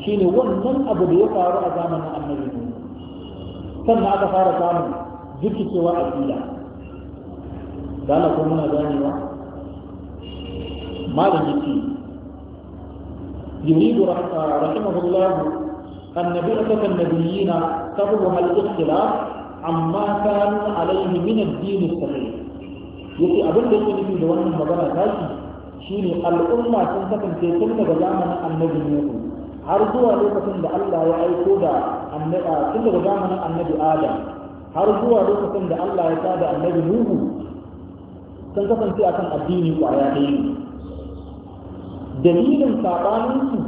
A: shine wannan abu da ya faru a zamanin annabi sannan aka fara samun jirkicewa aqiya dala ko muna ganewa malam yake يريد رحمه الله أن بعثة النبيين سببها الاختلاف عما كانوا عليه من الدين الصحيح yake abin da yake nufi da wannan magana shi shine al'umma sun kasance tun daga zamanin annabi Nuhu har zuwa lokacin da Allah ya aiko da annabi tun daga zamanin annabi Adam har zuwa lokacin da Allah ya tada annabi Nuhu sun kasance akan addini kwaya ɗaya ne dalilin saɓaninsu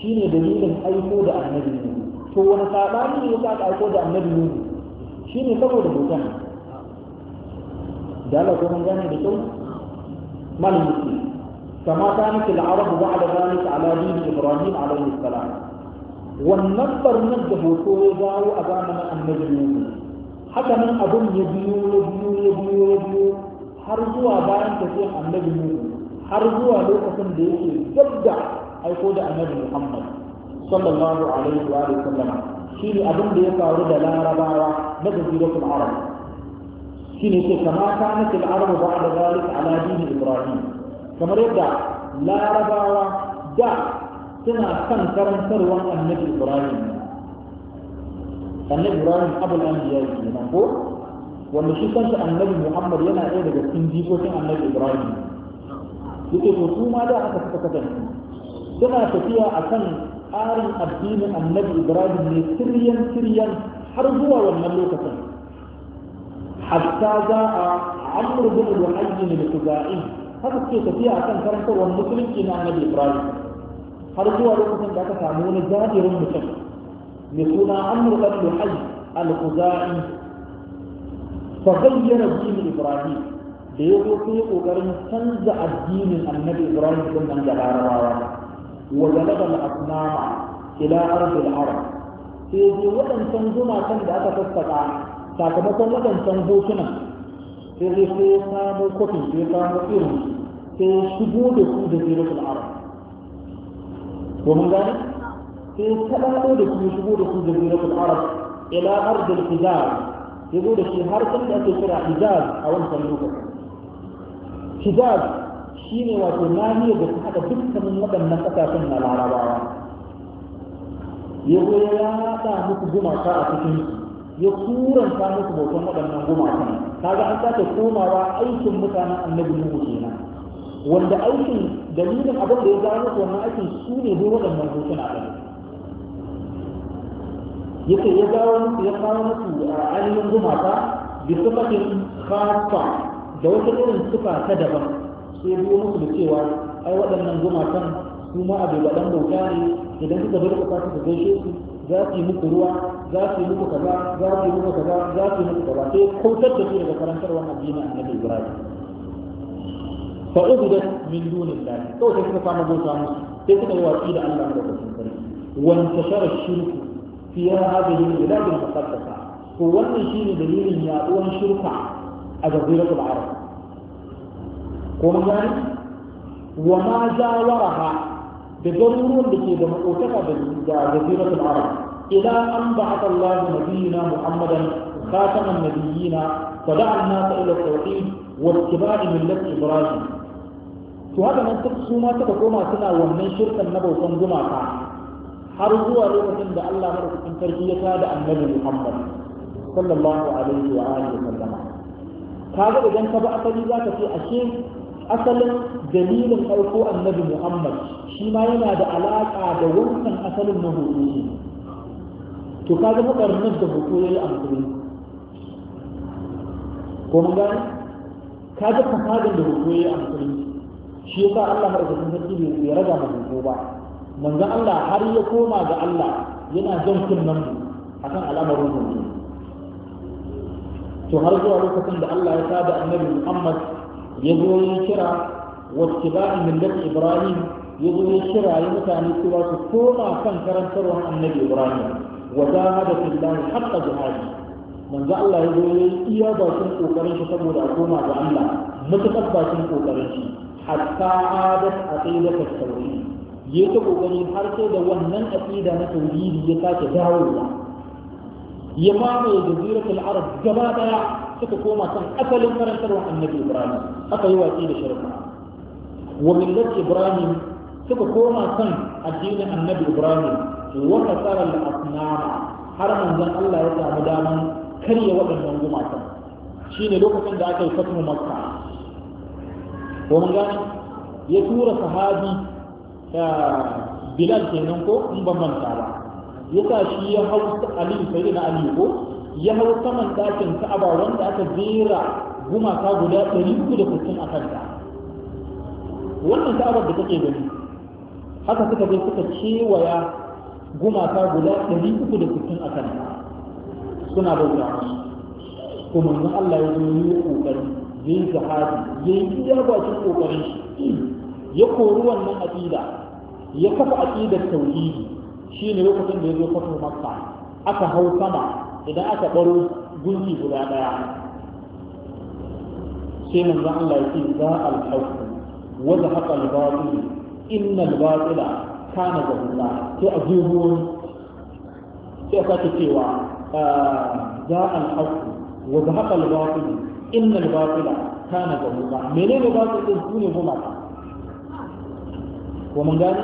A: shi ne dalilin aiko da annabi Nuhu to wani saɓani ne ya sa aiko da annabi Nuhu shi ne saboda bautan قالوا كمان جاني بتقول ما المسلم فما كانت العرب بعد ذلك على دين ابراهيم عليه السلام والنصر نجده فوجا وأبانا أن نجده حتى من اظن يبيو يبيو يبيو يبيو حرزوا بان تسيح أن نجده حرزوا لوكة ديه جدع أي قود أن محمد صلى الله عليه وآله وسلم شيني اظن يبيو يبيو يبيو يبيو يبيو يبيو يبيو يبيو يبيو يبيو shine ce kama kanat al-arabu ba'da zalik ala dini ibrahim kamar yadda larabawa da suna kan karantarwar annabi ibrahim annabi ibrahim abul anbiya kenan ko wanda shi kanta annabi muhammad yana ɗaya daga cikin jikokin annabi ibrahim yake to su ma da aka suka kasance suna tafiya akan tsarin addinin annabi ibrahim ne siryan siryan har zuwa wannan lokacin حتى جاء عمرو بن الحج الخزاعي هذا الشيء فيها عشان كان هو المسلم الى النبي ابراهيم هذا هو الوقت اللي كان سامون الزاهر المسلم يكون عمرو بن الحج الخزاعي فغير الدين ابراهيم بيقول في اوغر سنز الدين النبي ابراهيم بن من جبار وجلب الاصنام الى ارض العرب في وقت سنزنا كان ذاك تستطيع sakamakon waɗancan hotuna sai zai sai ya samu kofin sai ya samu irin sai ya shigo da su da ziratul arab ko mun gane sai kaɗaɗo da su shigo da su da ziratul arab ila ardil hijaz ya zo da shi har sun da ake kira hijaz a wancan lokacin hijaz shine wato nahiyar da su haɗa dukkanin waɗannan ƙasashen na larabawa ya zo ya yaɗa muku gumaka a cikin su ya ta musu bautan waɗannan gumakan kaga an sake komawa aikin mutanen annabi nuhu kenan wanda aikin dalilin abin da ya gano musu wannan aikin su ne dai waɗannan hotuna ɗin yake ya gawo musu ya kawo musu ainihin gumaka bi sifatin khassa da wata irin sifa ta daban sai biyo musu da cewa ai waɗannan gumakan su ma abu baɗan bauta ne idan suka bar ƙasa ka gaishe su za su yi muku ruwa za su yi muku kaza za su yi muku kaza za su yi muku kaza sai kautar da su daga karantar wannan addinin annabi ibrahim fa ubudat min dunillah to sai suka fama bauta musu sai suka yi watsi da Allah da kasan sarki wan tashara shirku fi hadhihi al-bilad al-muqaddasa to wannan ne dalilin yaduwan shirka a jaziratul arab ko mun gani wa ma zawaraha da garuruwan da ke da makotaka da jaziratul arab ila an ba'atha Allah nabiyina Muhammadan khataman nabiyina fada'a an-nas ila tawhid wa ittiba'i millat Ibrahim to haka nan su ma suka koma suna wannan shirkan na bautan gumaka har zuwa lokacin da Allah madaukakin sarki ya tada annabi Muhammad sallallahu alaihi wa alihi wa sallama kaga idan ka ba asali ta ce ashe asalin dalilin farko annabi muhammad shi ma yana da alaƙa da wancan asalin na hoto ne to ka ga nan da hoto ya yi amfani ko mun gane ka ga fasadin da hoto ya yi amfani shi yasa Allah madaukakin sarki bai raga ma hoto ba manzo Allah har ya koma ga Allah yana jan kunnan mu akan al'amarin hoto to har zuwa lokacin da Allah ya sada annabi Muhammad yazo ya kira wattaba'i millat ibrahim yazo ya kira ya mutane su ba su koma kan karantarwar annabi ibrahim wa zahada fillahi haqqa jihadi manzo Allah yazo ya iya ba su kokarin shi saboda koma ga Allah mutakar ba su kokarin shi hatta adat aqidat at-tawhid ya ta kokari har sai da wannan aqida na tauhidi ya sake dawowa ya mamaye jaziratul arab gaba daya suka koma kan asalin karantarwar annabi ibrahim aka yi watsi da shirka wa millat ibrahim suka koma kan addinin annabi ibrahim wa kasara al asnama har manzon Allah ya samu daman karya waɗannan gumakan shine lokacin da aka yi fatu makka ko mun gani ya tura sahabi ta bilal kenan ko in ban manta ba ya sa shi ya hau ali sai na aliyu ko ya hau saman ɗakin ka'aba wanda aka jera gumaka guda ɗari uku da kusan a kanta wannan ka'abar da take gani haka suka je suka kewaya gumaka guda ɗari uku da kusan a kanta suna bauta Kuma to Allah ya zo yi kokari yayi jihadi yi iya bakin ƙoƙarin shi ya kori wannan aƙida. ya kafa aƙidar tauhidi ne lokacin da ya zo fatu makka aka hau sama idan aka baro gunki guda daya sai manzon Allah ya ce za al-haqq wa zahaqa al-batil inna al-batila kana zahuqa sai a jibuwan sai aka ce cewa za al-haqq wa zahaqa al-batil inna al-batila kana zahuqa menene batil din sune gumaka wa mun gane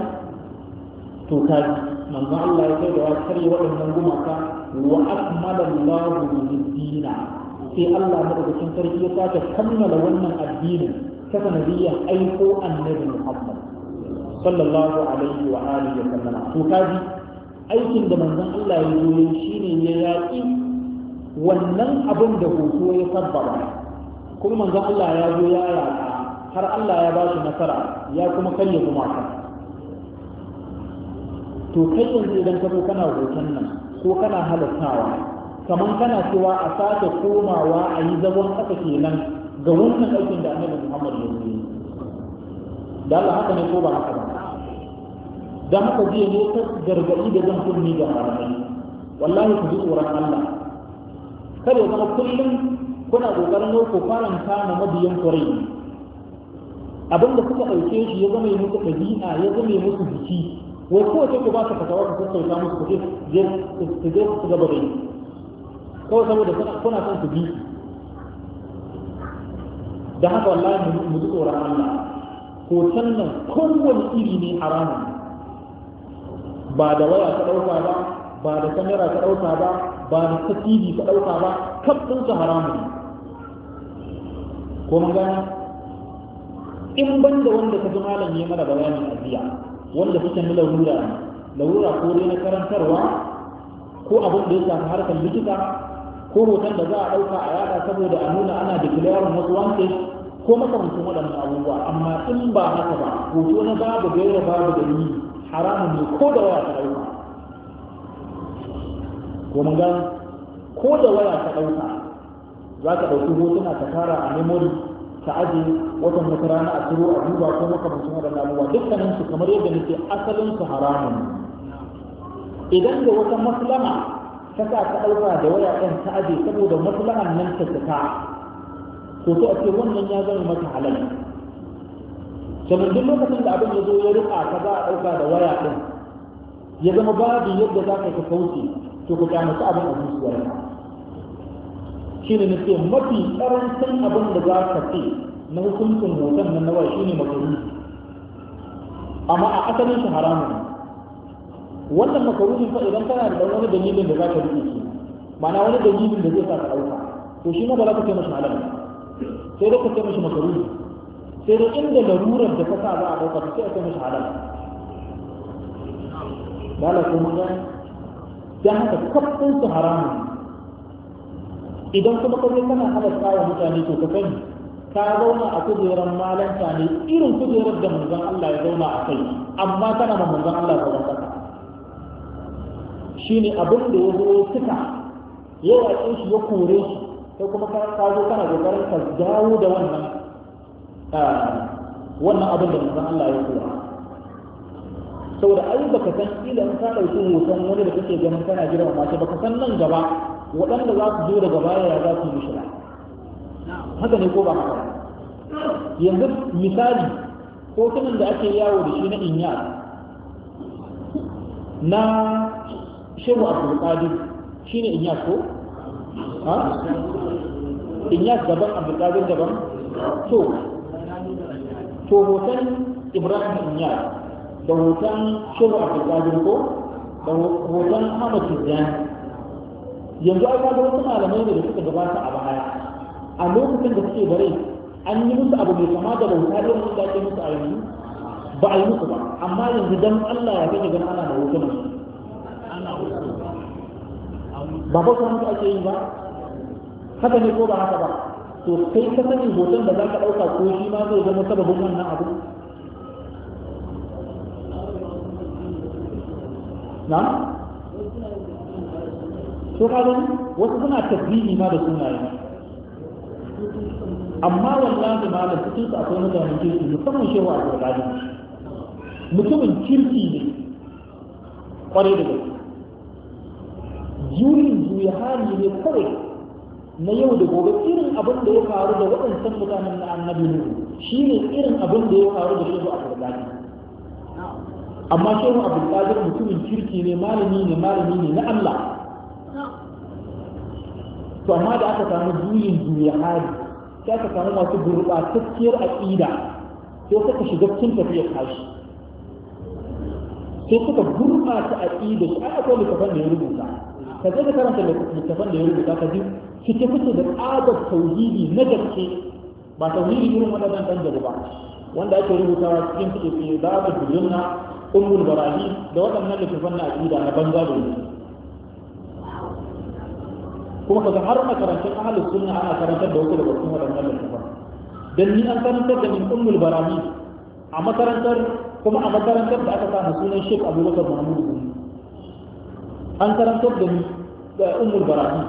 A: to kaji manzon Allah ya ce da wa kare waɗannan gumaka wa akmala Allahu bid-dina sai Allah madaukakin sarki ya sake kammala wannan addinin ta sanadiyyar aiko annabi Muhammad sallallahu alaihi wa alihi wa sallam to kaji aikin da manzon Allah ya yi shine ya yaki wannan abin da hoto ya sabbaba kuma manzon Allah ya zo ya yaka har Allah ya ba shi nasara ya kuma karya gumaka to kai yanzu idan ka zo kana hoton nan ko kana halattawa kamar kana cewa a sake komawa a yi zagon ƙasa kenan ga wannan aikin da annabi Muhammad ya yi da Allah haka ne ko ba haka ba dan haka zai ne ta gargaɗi da zan kunni ga malamai wallahi ku ji tsoron Allah kada ya zama kullum kuna ƙoƙarin yau ku faranta na mabiyan kurai abinda kuka ɗauke shi ya zama musu ɗabi'a ya zama musu jiki wai kowace ku ba su fatawa ku sassauta musu ku je su je su gaba da yi kawai saboda kuna son ku bi da haka wallahi mu ji tsoron Allah hoton nan kowane iri ne haramun ba da waya ka ɗauka ba ba da kamera ka ɗauka ba ba da ta tv ka ɗauka ba kaf ɗin su haramun ko mun gana in ban da wanda ka ji malam ya mara bayani a jiya wanda suke na larura larura ko dai na karantarwa ko abin da ya shafi harkar likita ko hoton da za a ɗauka a yada saboda a nuna ana declaring wasu wanted ko makamancin waɗannan abubuwa amma in ba haka ba hoto na babu gaira babu dalili haramun ne ko da waya ta ɗauka ko mun ko da waya ta ɗauka za ka ɗauki hotuna ta kara a memory Ka aje watan wata rana a turo a duba ko mutum da abubuwa dukkanin su kamar yadda nake asalin su haramun idan da wata maslama ta sa ta ɗauka da waya ɗin ta aje saboda maslahan nan ta fita to a ce wannan ya zama mata halal sannan duk lokacin da abin ya zo ya rika ka za a ɗauka da waya ɗin ya zama babu yadda za ka ka kauce to ku kyamata abin a zuciyarka shi ne nufin mafi karancin abin da za ka ce na hukuncin hoton nan nawa shi ne makaruhi amma a asalin shi haramun wannan makaruhin fa idan kana da wani dalilin da za ka rike shi ma'ana wani dalilin da zai sa ka ɗauka to shi ma ba za ka taimaka halal sai dai ka taimaka mashi sai dai inda larurar da ka sa za a ɗauka sai a taimaka mashi halal da kuma dan haka kafin su haramun idan kuma ka kana halatta tsaya mutane to ka sani ka zauna a kujerar malanta ne irin kujerar da manzon Allah ya zauna a kai amma kana ma manzon Allah ka zaka shine abin da ya zo suka yawa kin shi ya kore shi sai kuma ka ka zo kana kokarin ka dawo da wannan wannan abin da manzon Allah ya kora saboda ai baka san kila ka dauki hoton wani da kake ganin kana jira ba, ba ka san nan gaba waɗanda za su zo daga baya za su yi shira haka ne ko ba haka yanzu misali hotunan da ake yawo da shi na inya na shehu abdulkadir shi ne inya ko? ha? inya daban abdulkadir daban? to to hoton ibrahim inya da hoton shehu abdulkadir ko? da hoton hamadu jani yanzu ai gaba wasu malamai ne da suka gabata a baya a lokacin da suke bare an yi musu abu mai kama da bauta da wani da musu a yanzu ba a yi musu ba amma yanzu dan Allah ya kai gana ana da ne
B: ba ba su hanzu ake yi ba
A: haka ne ko ba haka ba to kai ka sani hoton da za ka ɗauka ko shi ma zai zama sababin wannan abu
B: na so ka gani
A: wasu suna tabbini ma da sunaye
B: amma da
A: malam cikin su akwai mutanen kirki musamman shehu a tsakanin mutumin kirki ne kwarai da gaske juyin juya hali ne kawai na yau da gobe irin abin da ya faru da waɗancan mutanen na annabi ne shi ne irin abin da ya faru da shehu a tsakanin amma shehu abdulkadir mutumin kirki ne malami ne malami ne na Allah to amma da aka samu juyin juya hali sai aka samu masu gurɓatacciyar aƙida sai suka shiga cikin tafiyar tashi sai suka gurɓata aƙida shi ai akwai littafan da ya rubuta ka je ka karanta littafan da ya rubuta ka ji fice fice da tsagar tauhidi na gaske ba tauhidi irin waɗannan ɗan jaru ba wanda ake rubutawa cikin fice fice da aka bujunna ummul barahi da waɗannan littafan na aƙida na banza da yanzu. kuma kaga har makarantun ahlus sunna ana karantar da wasu daga cikin waɗannan littafan dan ni an karantar da min ummul barami a makarantar kuma a makarantar da aka samu sunan Sheikh Abubakar Mahmud Gumi an karantar da ni da ummul barami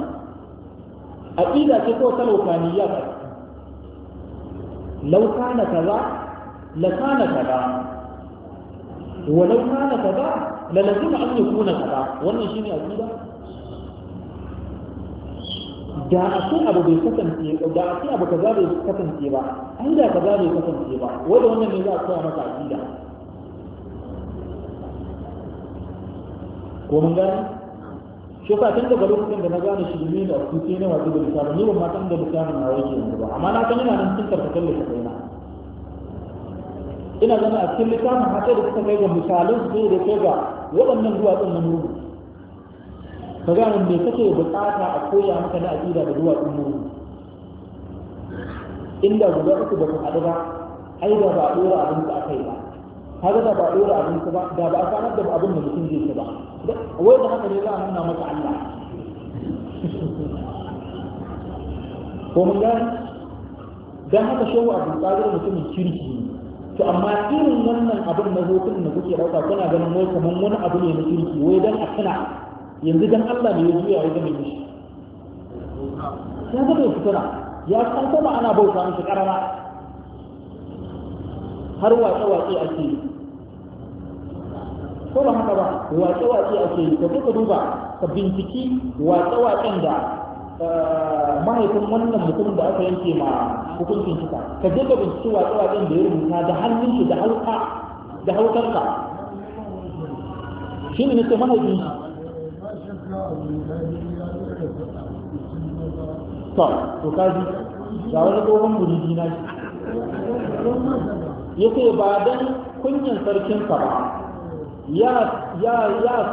A: aqida ce ko talokaniya ka law kana kaza la kana kaza wa law kana kaza la lazima an yakuna kaza wannan shine aqida da akwai abu bai kasance da akwai abu kaza bai kasance ba an da kaza bai kasance ba wanda wannan ne za a koya maka aqida ko mun gane shi yasa tun daga lokacin da na gane shi ne da su sai na wato da lissafi ni ban ma san da lissafi na wai ke ba amma na san ina nan cikin karkashin lissafi na ina zama a cikin lissafin haka da suka kai ga misalan su da kai ga waɗannan duwatsun na nuru ka gane me kake bukata a koya maka na aqida da duwatsun mu? inda guda uku ba ku haɗu ba ai da ba a ɗora ka kai ba kaga da ba a ɗora ka ba da ba a da abin da mutum zai ci ba wai da haka ne za a nuna maka Allah ko mun ga dan haka shehu abin tsarin mutumin kirki ne to amma irin wannan abin na hotun da kuke ɗauka kuna ganin wai kamar wani abu ne na kirki wai dan a kana yanzu dan Allah ne ya juya ya gane shi ya ga bai fitina ya san ba ana bauta mishi karara har wace wace ake yi ko ba haka ba wace wace ake yi ka duka duba ka binciki wace wacen da eh, mahaifin wannan mutum da aka yanke ma hukuncin kika, ka je ka binciki wace wacen da ya rubuta da hannun shi da hauka da haukarsa
B: shi ne nake mahaifin shi to to kaji ga wani tsohon
A: buriji na shi ya ce ba don kunyan sarkinsa ba ya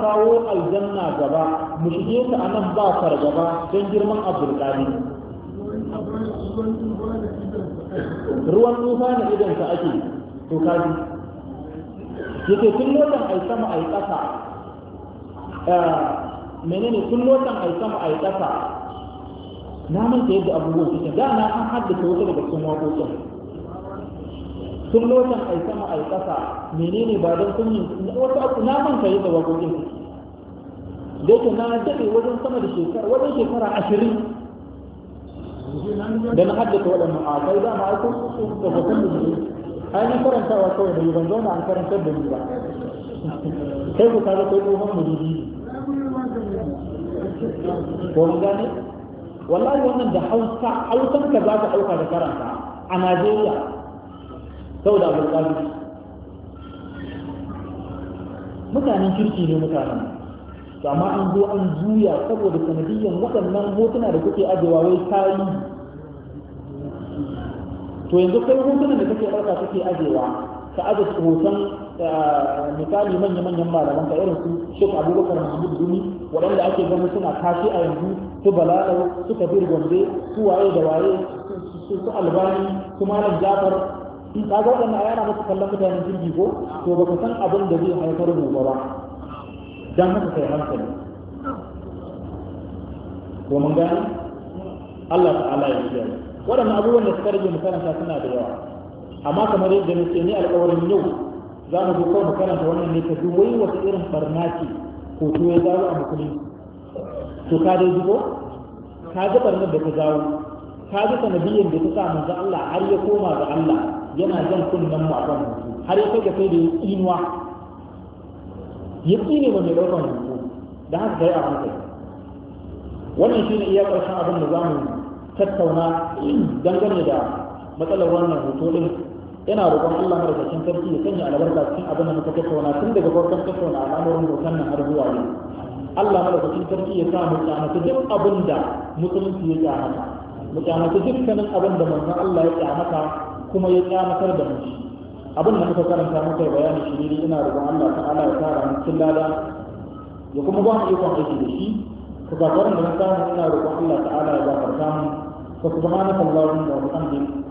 A: kawo aljanna gaba mu shige ta a nan ba fargaba don girman abdulkani ruwan tufa na idansa ake to kaji ya ce tun lokacin ai sama ai ƙasa eh, menene tun lotan ai sama ai ƙasa na manta yadda abubuwan suke da na an haddasa wata daga cikin waƙoƙin tun lotan ai sama ai ƙasa menene ba don kun yi wasu na manta yadda waƙoƙin suke da yake na daɗe wajen sama da shekara wajen shekara ashirin
B: da na haddasa waɗannan a kai dama ai kun su da hoton da ne ai na karantawa
A: kawai da yi ban zauna an karantar da ni ba sai ku kaga kai tsohon muridi ko mun gane wallahi wannan da hausa hausan ka za ka ɗauka da karanta a najeriya da abin ƙarfi mutanen kirki ne mutanen to amma an zo an juya saboda sanadiyyan waɗannan hotuna da kuke ajewa wai tarihi to yanzu kai hotunan da kake ɗauka kake ajewa ka aza hoton misali manya-manyan malaman ka irin su shek abubakar mahmud duni waɗanda ake ganin suna kashi a yanzu su balaɗa, su kabir gombe su waye da waye
B: su albani
A: su malam jafar in ka ga waɗanda a yana masu kallon mutanen jirgi ko to ba ka san abin da zai haifar mu ba dan haka kai hankali ko mun gani Allah ta'ala ya kiyaye waɗannan abubuwan da suka rage mu suna da yawa amma kamar yadda nake ni alƙawarin yau za mu zo kawai da wannan ne ka wai wata irin barna ce hoto ya zaro a musulmi to ka dai zubo ka ji barnar da ta zawo ka ji sanadiyyar da ta sa manzo Allah har ya koma ga Allah yana jan kunnan mu a kan har ya kai ga kai da ya tsinuwa ya tsine ba mai ɗaukar hoto da haka kai a hankali wannan shi ne iya ƙarshen abin da za mu tattauna dangane da matsalar wannan hoto ɗin yana roƙon Allah madaukakin sarki ya sanya albarka cikin abin da muka tattauna tun daga farkon tattauna al'amuran hoton nan har zuwa yau Allah madaukakin sarki ya sa mu kyamata duk abin da musulunci ya kyamata mu kyamata dukkanin abin da manzon Allah ya kyamata kuma ya kyamatar da mu abin da muka karanta muka bayani shi ne ina roƙon Allah ta'ala ya tara mu cikin lada ya kuma ba mu ikon aiki da shi ku ka da na samu ina roƙon Allah ta'ala ya gafarta mu fa subhanaka allahumma wa bihamdika